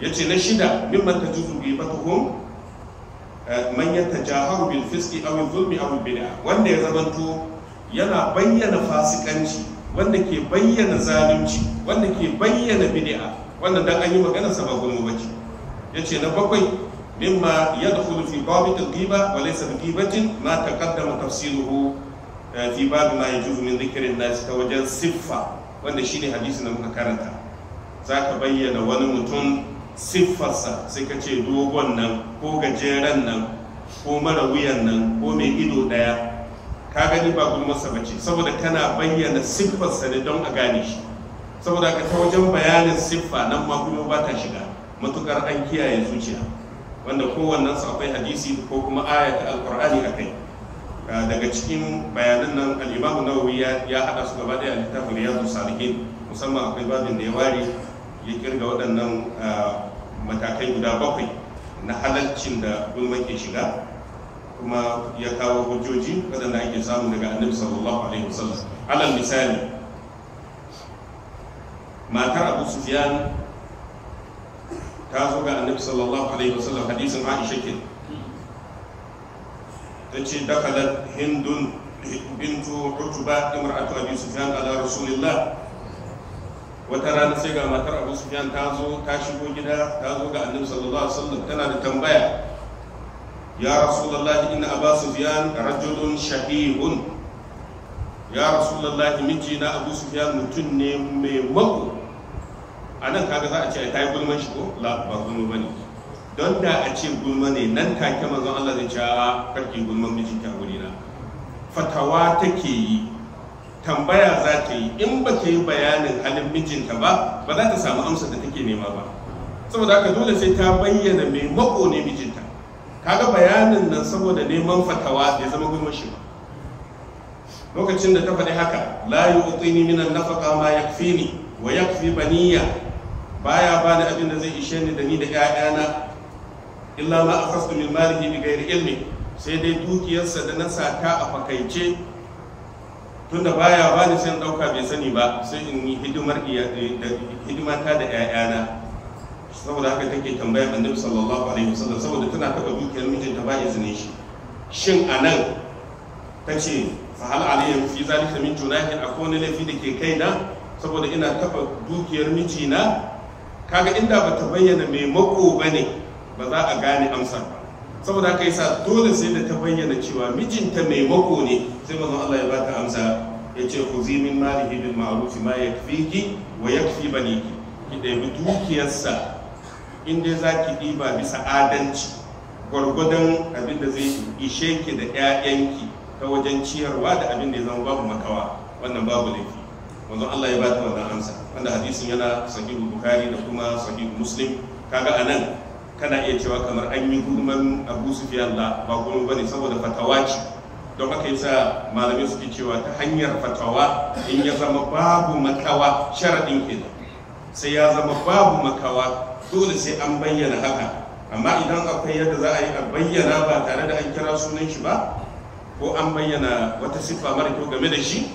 ya ce na shida min man ta juzu bi batuhum eh, man yatajaharu bil fiski aw zulmi aw bid'a wanda ya zamanto yana bayyana fasikanci wanda ke bayyana zalunci wanda ke bayyana bid'a wannan dan an yi magana sa ba gulma bace yace na bakwai mimma yadkhulu fi babi al-ghiba wa laysa bi ghibatin ma taqaddama tafsiluhu eh, fi babi ma yajuzu min dhikrin nas ta wajen siffa wanda shine hadisi da muka karanta zaka bayyana wani mutum siffarsa sai ka ce dogon nan ko gajeren nan ko mara wuyan nan ko mai ido daya ka gani ba gulmarsa ba ce saboda kana bayyana siffarsa ne don a gane shi saboda ka ta wajen bayanin siffa nan ma kuma ba ta shiga matukar an kiyaye zuciya wanda kowannen su akwai hadisi ko kuma aya ta alkur'ani a kai daga cikin bayanan nan al'imamu nawawi ya haɗa su gaba ɗaya a littafin riyadu salihin musamman akwai babin da ya ware ya kirga waɗannan ah, matakai guda bakwai na halalcin da gulma ke shiga kuma ya kawo hujjoji waɗanda ake samu daga annabi sallallahu alaihi wasallam alal misali matar abu sufyan ta zo ga annabi sallallahu alaihi wasallam hadisin aisha ke ta ce dakalat hindun bintu utuba imra'atu abi sufyan ala rasulillah wata rana sai ga matar abu sufyan ta zo ta shigo gida ta zo ga annabi sallallahu alaihi wasallam tana da tambaya يا رسول الله إن أبا rajulun رجل شبيه ya rasulallah miji na abu sufiyan mutum ne mai mako a nan kaga za a ce ta yi gulman shi ko la ba gulma ba ne don da a ce gulma ne nan take manzon Allah zai ce a karki gulman miji ta wuri na fatawa take yi tambaya za ta yi in ba ta yi bayanin halin mijinta ba ba za ta samu amsa da take nema ba saboda haka dole sai ta bayyana mai mako ne mijinta kaga bayanin nan saboda neman fatawa ya zama gwiwa shi ba lokacin da ta faɗi haka la yi min an nafaka ma ni wa yakfi baniya baya bani abin da zai ishe ni da ni da 'ya'yana illa ma afastu min malihi bi ghairi ilmi sai dai dukiyarsa da na sata a fakaice tunda baya bani sai ɗauka bai sani ba sai in yi hidimar eh, hidimata da 'ya'yana saboda haka take tambayan annabi sallallahu alaihi wasallam saboda tana taba dukiyar mijinta ba izinin shi shin anan tace fa hal alayhi fi zalika min junahi akwai wani laifi da ke kaina saboda ina taba dukiyar mijina kaga inda ba ta bayyana mai mako ba ne ba za a gane amsar ba saboda haka yasa dole sai da ta bayyana cewa mijinta mai mako ne sai manzon Allah ya ba ta amsa ya ce ku zi min malihi bil ma'ruf ma yakfiki wa yakfi baniki ki ɗebi dukiyarsa in dai za ki ɗiba bisa adanci gwargwadon abin da zai ishe ki da 'ya'yanki ta wajen ciyarwa da abin da ya zama babu makawa wannan babu laifi wanzu Allah ya ba ta wannan amsa wanda hadisin yana sahihu bukari da kuma sahihu muslim kaga nan kana iya cewa kamar an yi gudunman abu sufiyan la ba kuma bane saboda fatawa ce don aka haka yasa malamai suke cewa ta hanyar fatawa in ya zama babu makawa sharaɗin kenan sai ya zama babu makawa dole sai an bayyana haka amma idan akwai yadda za a yi a bayyana ba tare da an kira sunan shi ba ko an bayyana wata siffa mara kyau game da shi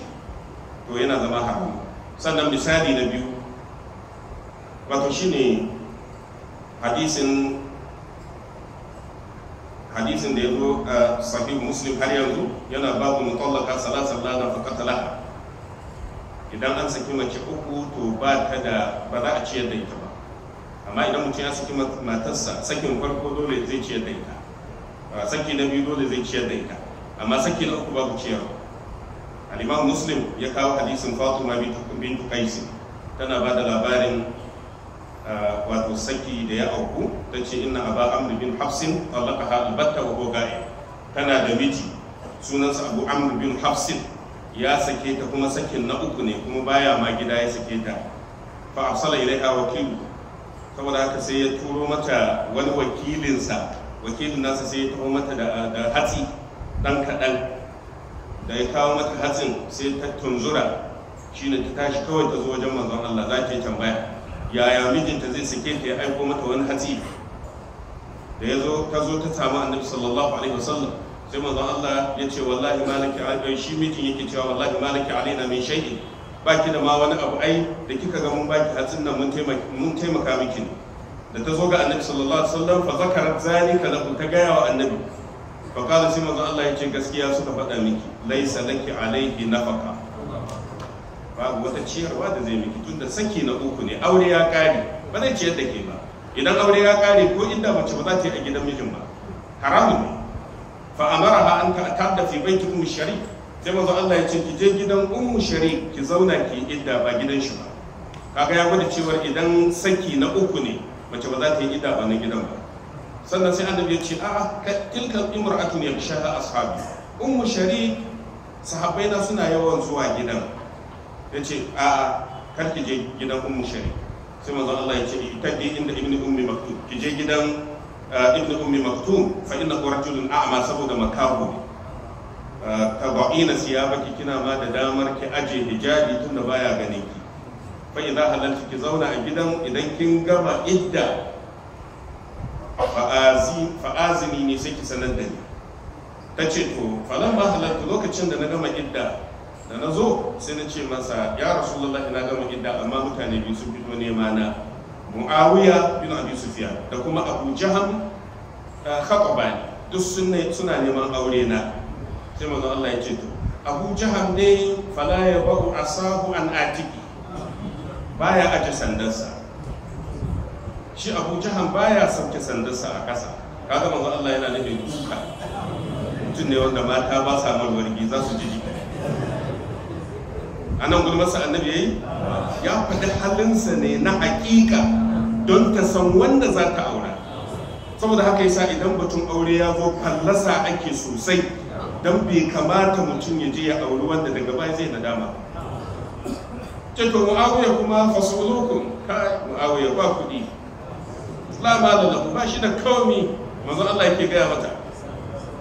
to yana zama haram sannan misali na biyu wato shine hadisin hadisin da ya zo a sahih muslim har yanzu yana babu mutallaka salasar lana fakatala idan an saki mace uku to ba ta da ba za a ciyar da ita ba amma idan mutum ya saki matarsa sakin farko dole zai ciyar da ita saki na biyu dole zai ciyar da ita amma saki na uku babu ciyar al'imam muslim ya kawo hadisin fatima bin kaisi tana ba da labarin ah, wato saki da ya auku ta ce ina ba amr bin hafsin tallaka ha albatta wa ko tana da miji sunansa abu amr bin hafsin ya sake ta kuma sakin na uku ne kuma baya ma gida ya sake ta fa afsala ilaiha wakilu saboda haka sai ya turo mata wani wakilinsa wakilin nasa sai ya turo mata da hatsi dan kaɗan da ya kawo mata hatsin sai ta tunzura Shi ta tashi kawai ta zo wajen manzon Allah za ta yi tambaya yaya mijinta zai sake ta ya aiko mata wani hatsi da ya zo ta zo ta samu annabi sallallahu alaihi wasallam sai manzon Allah ya ce wallahi malaki alaihi shi mijin yake cewa wallahi malaki na min shay'in baki da ma wani abu ai da kika ga mun baki hatsin nan mun taimaka mun taimaka miki da ta zo ga annabi sallallahu alaihi wasallam fa zakarat zalika lahu ta gaya wa annabi fa qala sai manzo Allah yace gaskiya suka faɗa miki laysa laki alaihi nafaqa babu wata ciyarwa da zai miki tunda saki na uku ne aure ya kare ba zai ciyar da ke ba idan aure ya kare ko inda mace ba za ta yi a gidan mijin ba haramun ne fa amara ha an ta'adda fi baiti ummi sharif sai manzo Allah ya ce ki je gidan ummu shari ki zauna ki idda ba gidan shi ba kaga ya gwada cewa idan saki na uku ne mace ba za ta yi idda ba na gidan ba sannan sai annabi ya ce a'a tilka imra'atun yakshaha ashabi ummu shari sahabbai na suna yawan zuwa gidan ya ce a kar ki je gidan ummu shari sai manzo Allah ya ce itaqi inda ibnu ummi maktub ki je gidan eh, ibnu ummi maktub fa innahu rajulun a'ma saboda makahu ne siya baki kina ma da damar ki aje hijabi tunda baya ganin ki fa idza halalti ki zauna a gidan idan kin gama idda fa'azini ne sai ki sanar da ni ta ce to falon ba halarta lokacin da na gama idda da na zo sai na ce masa ya rasulullahi na gama idda amma mutane biyu sun fito nema na mu'awiya bin abi sufiya da kuma abu jaham khatabani duk suna neman aure na sai mazan Allah ya ce to Abu Jahal ne falaye ya ba'u asahu an atiki baya aje sandarsa shi Abu Jahal baya sauke sandarsa a ƙasa kaga mazan Allah yana nufin duka mutum ne wanda mata ba sa wargi za su ji jiki a nan gulmarsa annabi ya yi ya faɗi halinsa ne na hakika don ta san wanda za ta aura saboda haka yasa idan batun aure ya zo fallasa ake sosai don bai kamata mutum ya je ya auri wanda daga baya zai nadama ce to mu'awiya kuma fasulukun kai mu'awiya ba kuɗi la malu lahu ba shi da kaumi manzo Allah yake gaya mata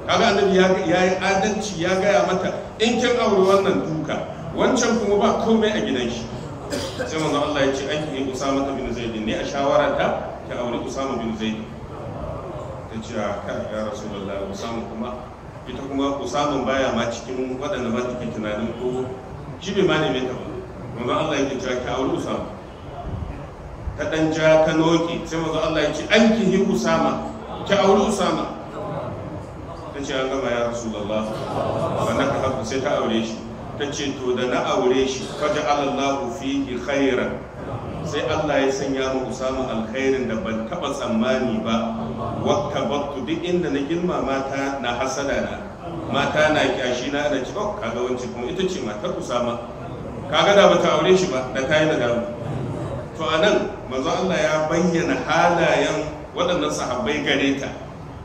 kaga annabi ya yi adalci ya gaya mata in kin auri wannan duka wancan kuma ba komai a gidan shi sai manzo Allah ya ce an yi Usama bin Zaid ne a shawara ta ki auri Usama bin Zaid ta ce ah, ka ya Rasulullah Usama kuma ita kuma ku samun baya ma cikin waɗanda ba cikin tunanin ko jibi ma ne ta ba manzo Allah yake cewa ki auri usama ta ɗan ja ta noki sai manzo Allah yake an ki hi usama ki auri usama ta ce an gama ya rasu rasulullah wannan ka sai ta aure shi ta ce to da na aure shi faja Allah fihi khairan sai Allah ya sanya mu samu alkhairin da ban taba tsammani ba wakka baktu duk inda na girma mata na hasada na mata na kyashi na da ciko oh, kaga wancan kuma ita ce matar sama kaga da bata aure shi ba da kai da dawo to anan manzo Allah ya bayyana halayen waɗannan sahabbai gare ta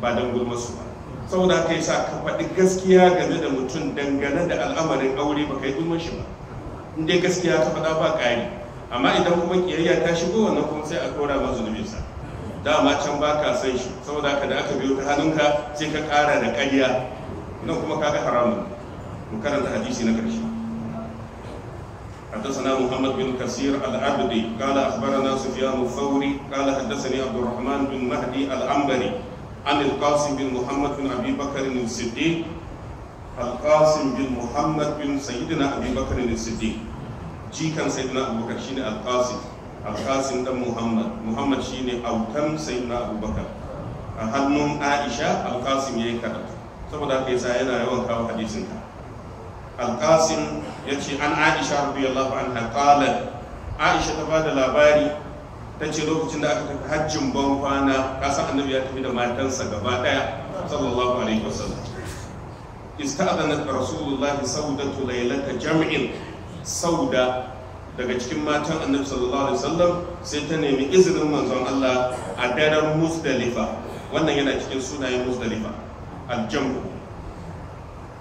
ba dan su ba saboda haka sa, ka faɗi gaskiya game da mutum dangane da al'amarin aure ba kai gurma shi ba in dai gaskiya ka faɗa ba ƙari amma idan kuma kiyayya ta shigo wannan kuma sai a kora ma zunubinsa dama can ba ka san shi saboda haka da aka biyo ta hannunka sai ka kara da ƙarya nan kuma kaga haramun mu karanta hadisi na ƙarshe حدثنا محمد بن كثير العبدي قال اخبرنا سفيان الثوري قال حدثني عبد الرحمن بن مهدي العنبري عن القاسم بن محمد بن ابي بكر الصديق القاسم بن محمد بن سيدنا ابي بكر الصديق jikan sayyidina abubakar shine al-qasim dan muhammad muhammad shine autan sayyidina abubakar a hannun aisha al-qasim yayi karatu saboda haka yasa yana yawan kawo hadisin ka al-qasim yace an aisha radiyallahu anha qalat aisha ta bada labari ta ce lokacin da aka tafi hajjin ban kwana kasan annabi ya tafi da matansa gaba daya sallallahu alaihi wasallam استأذنت رسول الله سودة ليلة جمع sauda daga cikin matan annabi sallallahu alaihi wasallam sai ta nemi izinin manzon Allah a daren musdalifa wannan yana cikin sunayen musdalifa aljamu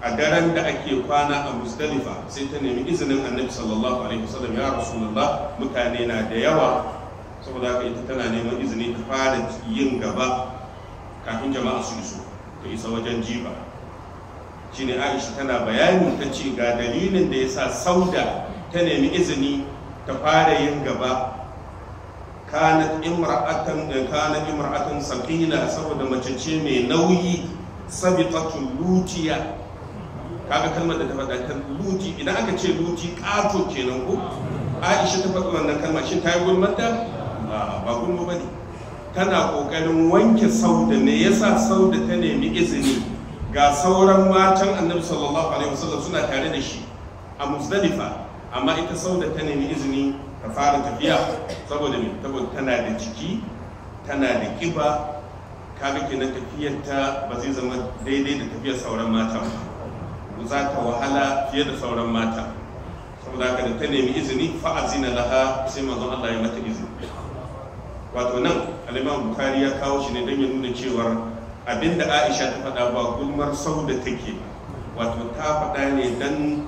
a daren da ake kwana a musdalifa sai ta nemi izinin annabi sallallahu alaihi wasallam ya rasulullah mutane na da yawa saboda haka ita tana neman izini ta fara yin gaba kafin jama'a su iso ta isa wajen jiba shine aisha tana bayani ta ce ga dalilin da yasa sauda ta nemi izini ta fara yin gaba kanat imra'atan kanat imra'atan sakina saboda mace ce mai nauyi sabitatul lutiya kaga kalmar da ta faɗa ta luti idan aka ce luti ƙato kenan ko aisha ta faɗi wannan kalma shin ta yi gulmanta ba gulma bane tana ƙoƙarin wanke sauda ne yasa sauda ta nemi izini ga sauran matan annabi sallallahu alaihi wasallam suna tare da shi a muzdalifa amma ita sauda ta nemi izini ta fara tafiya saboda me saboda tana da jiki tana da kiba kaga kenan tafiyar ta ba zai zama daidai da tafiyar sauran mata ba za ta wahala fiye da sauran mata saboda haka da ta nemi izini fa azina laha sai manzon Allah ya mata izini wato nan al-Imam Bukhari ya kawo shi ne don ya nuna cewar abinda aisha ta faɗa ba gulmar sau da take wato ta faɗa ne don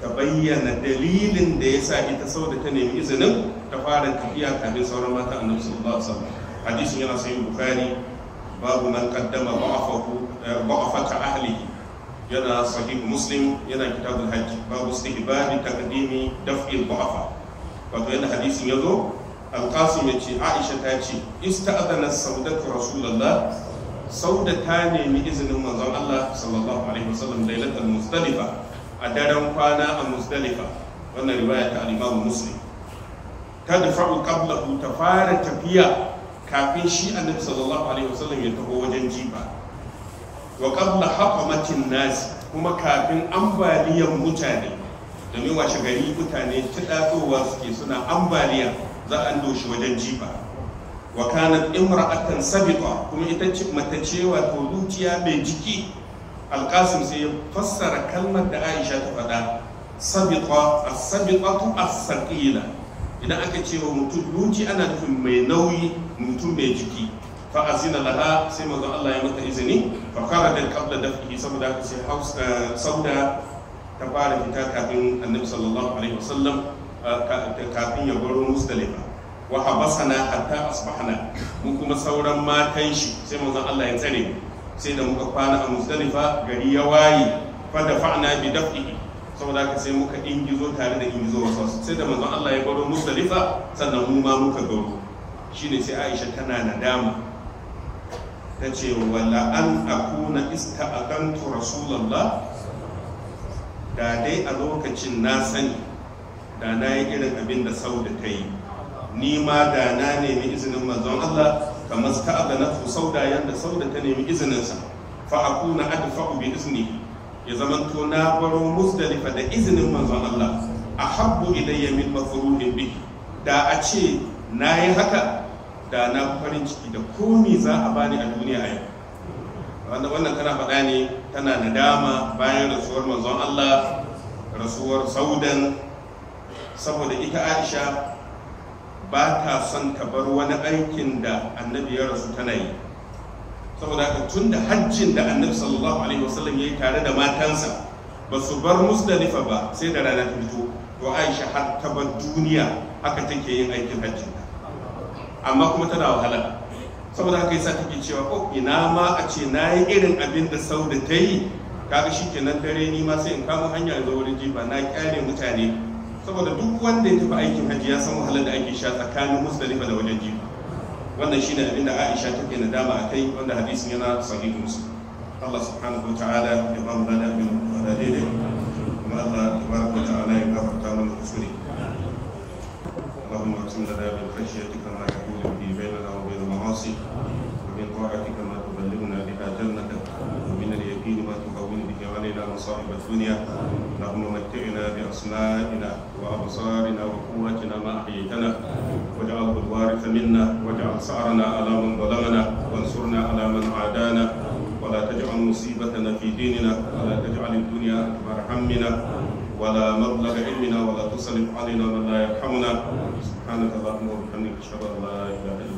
ta bayyana dalilin da ya sa ita sau da ta nemi izinin ta fara tafiya kafin sauran mata a sallallahu alaihi wasallam hadisin yana sahih bukhari babu man qaddama ba'afahu eh, ba'afata ahlihi yana sahih muslim yana kitabul hajj babu istihbabi takadimi daf'il ba'afa wato yana hadisin ya zo, yazo القاسم يقول عائشة تأتي استأذن السودة رسول rasulallah. sauda ta nemi izinin manzon Allah sallallahu alaihi wasallam lailatul muzdalifa a daren kwana a muzdalifa wannan riwaya ta al-Imam Muslim ta dafa'u qablahu ta fara tafiya kafin shi annabi sallallahu alaihi wasallam ya taho wajen jifa wa qabla haqamatin nas kuma kafin ambaliyar mutane domin washe gari mutane tudatsowa suke suna ambaliya za a doshi wajen jifa wa kanat imra'atan sabiqa kuma ita ce mata ce wato zuciya mai jiki alqasim sai ya fassara kalmar da Aisha ta faɗa sabiqa as-sabiqatu as-saqila idan aka ce wa mutum zuci ana nufin mai nauyi mutum mai jiki fa azina laha sai manzo Allah ya mata izini fa kharaja qabla daf'i saboda haka sai eh, sauda ta fara fita kafin annabi sallallahu alaihi wasallam eh, kafin ya baro musdalifa wa habasana hatta asbahna mu kuma sauran matan shi sai manzon Allah ya tsare mu sai da muka kwana a Muzdalifa gari ya waye fa dafa'na bi daf'i saboda ka sai muka ingizo tare da ingizo wasu sai da manzon Allah ya baro Muzdalifa sannan mu ma muka gauro shine sai Aisha tana nadama ta ce wala an akuna ista'adantu rasulullah da dai a lokacin na sani da na yi irin abin da sau da ta yi ni ma da na nemi izinin manzon Allah kamar sta'ada na sauda yanda sauda ta nemi izininsa fa akuna adfa'u bi izni ya zamanto na baro musdalifa da izinin manzon Allah ahabbu ilayya min mafruhin bi da a ce na yi haka da na farin ciki da komi za a bani a duniya a yau wanda wannan tana faɗa ne tana nadama bayan rasuwar manzon Allah rasuwar saudan saboda ita Aisha ba ta son ta bar wani aikin da annabi ya rasu tana yi saboda ka tun da hajjin da annabi sallallahu alaihi wasallam ya yi tare da matansa ba su bar musdalifa ba sai da rana ta fito to aisha har ta bar duniya haka take yin aikin hajjin amma kuma tana wahala saboda haka yasa take cewa ko oh, ina ma a ce na yi irin abin da sau da ta yi kaga shi kenan dare ni ma sai in kama hanya zo wurin jifa na kyale mutane saboda duk wanda ya tafi aikin hajji ya san wahalar da ake sha tsakanin musdalifa da wajen jifa wannan shi ne abinda aisha ta ke nadama a kai wanda hadisin yana sahihu musu. Allah subhanahu wa ta'ala ya ba mu lada abin da daidai kuma Allah tabaraka wa ta'ala ya gafarta mana kuskure اللهم اقسم لنا من bai na da به بيننا وبين المعاصي علينا مصائب الدنيا اللهم متعنا بأسمائنا وأبصارنا وقوتنا ما أحييتنا واجعله الوارث منا واجعل سعرنا على من ظلمنا وانصرنا على من عادانا ولا تجعل مصيبتنا في ديننا ولا تجعل الدنيا أكبر همنا ولا مبلغ علمنا ولا تسلط علينا من لا يرحمنا سبحانك اللهم وبحمدك أشهد أن لا إله إلا انت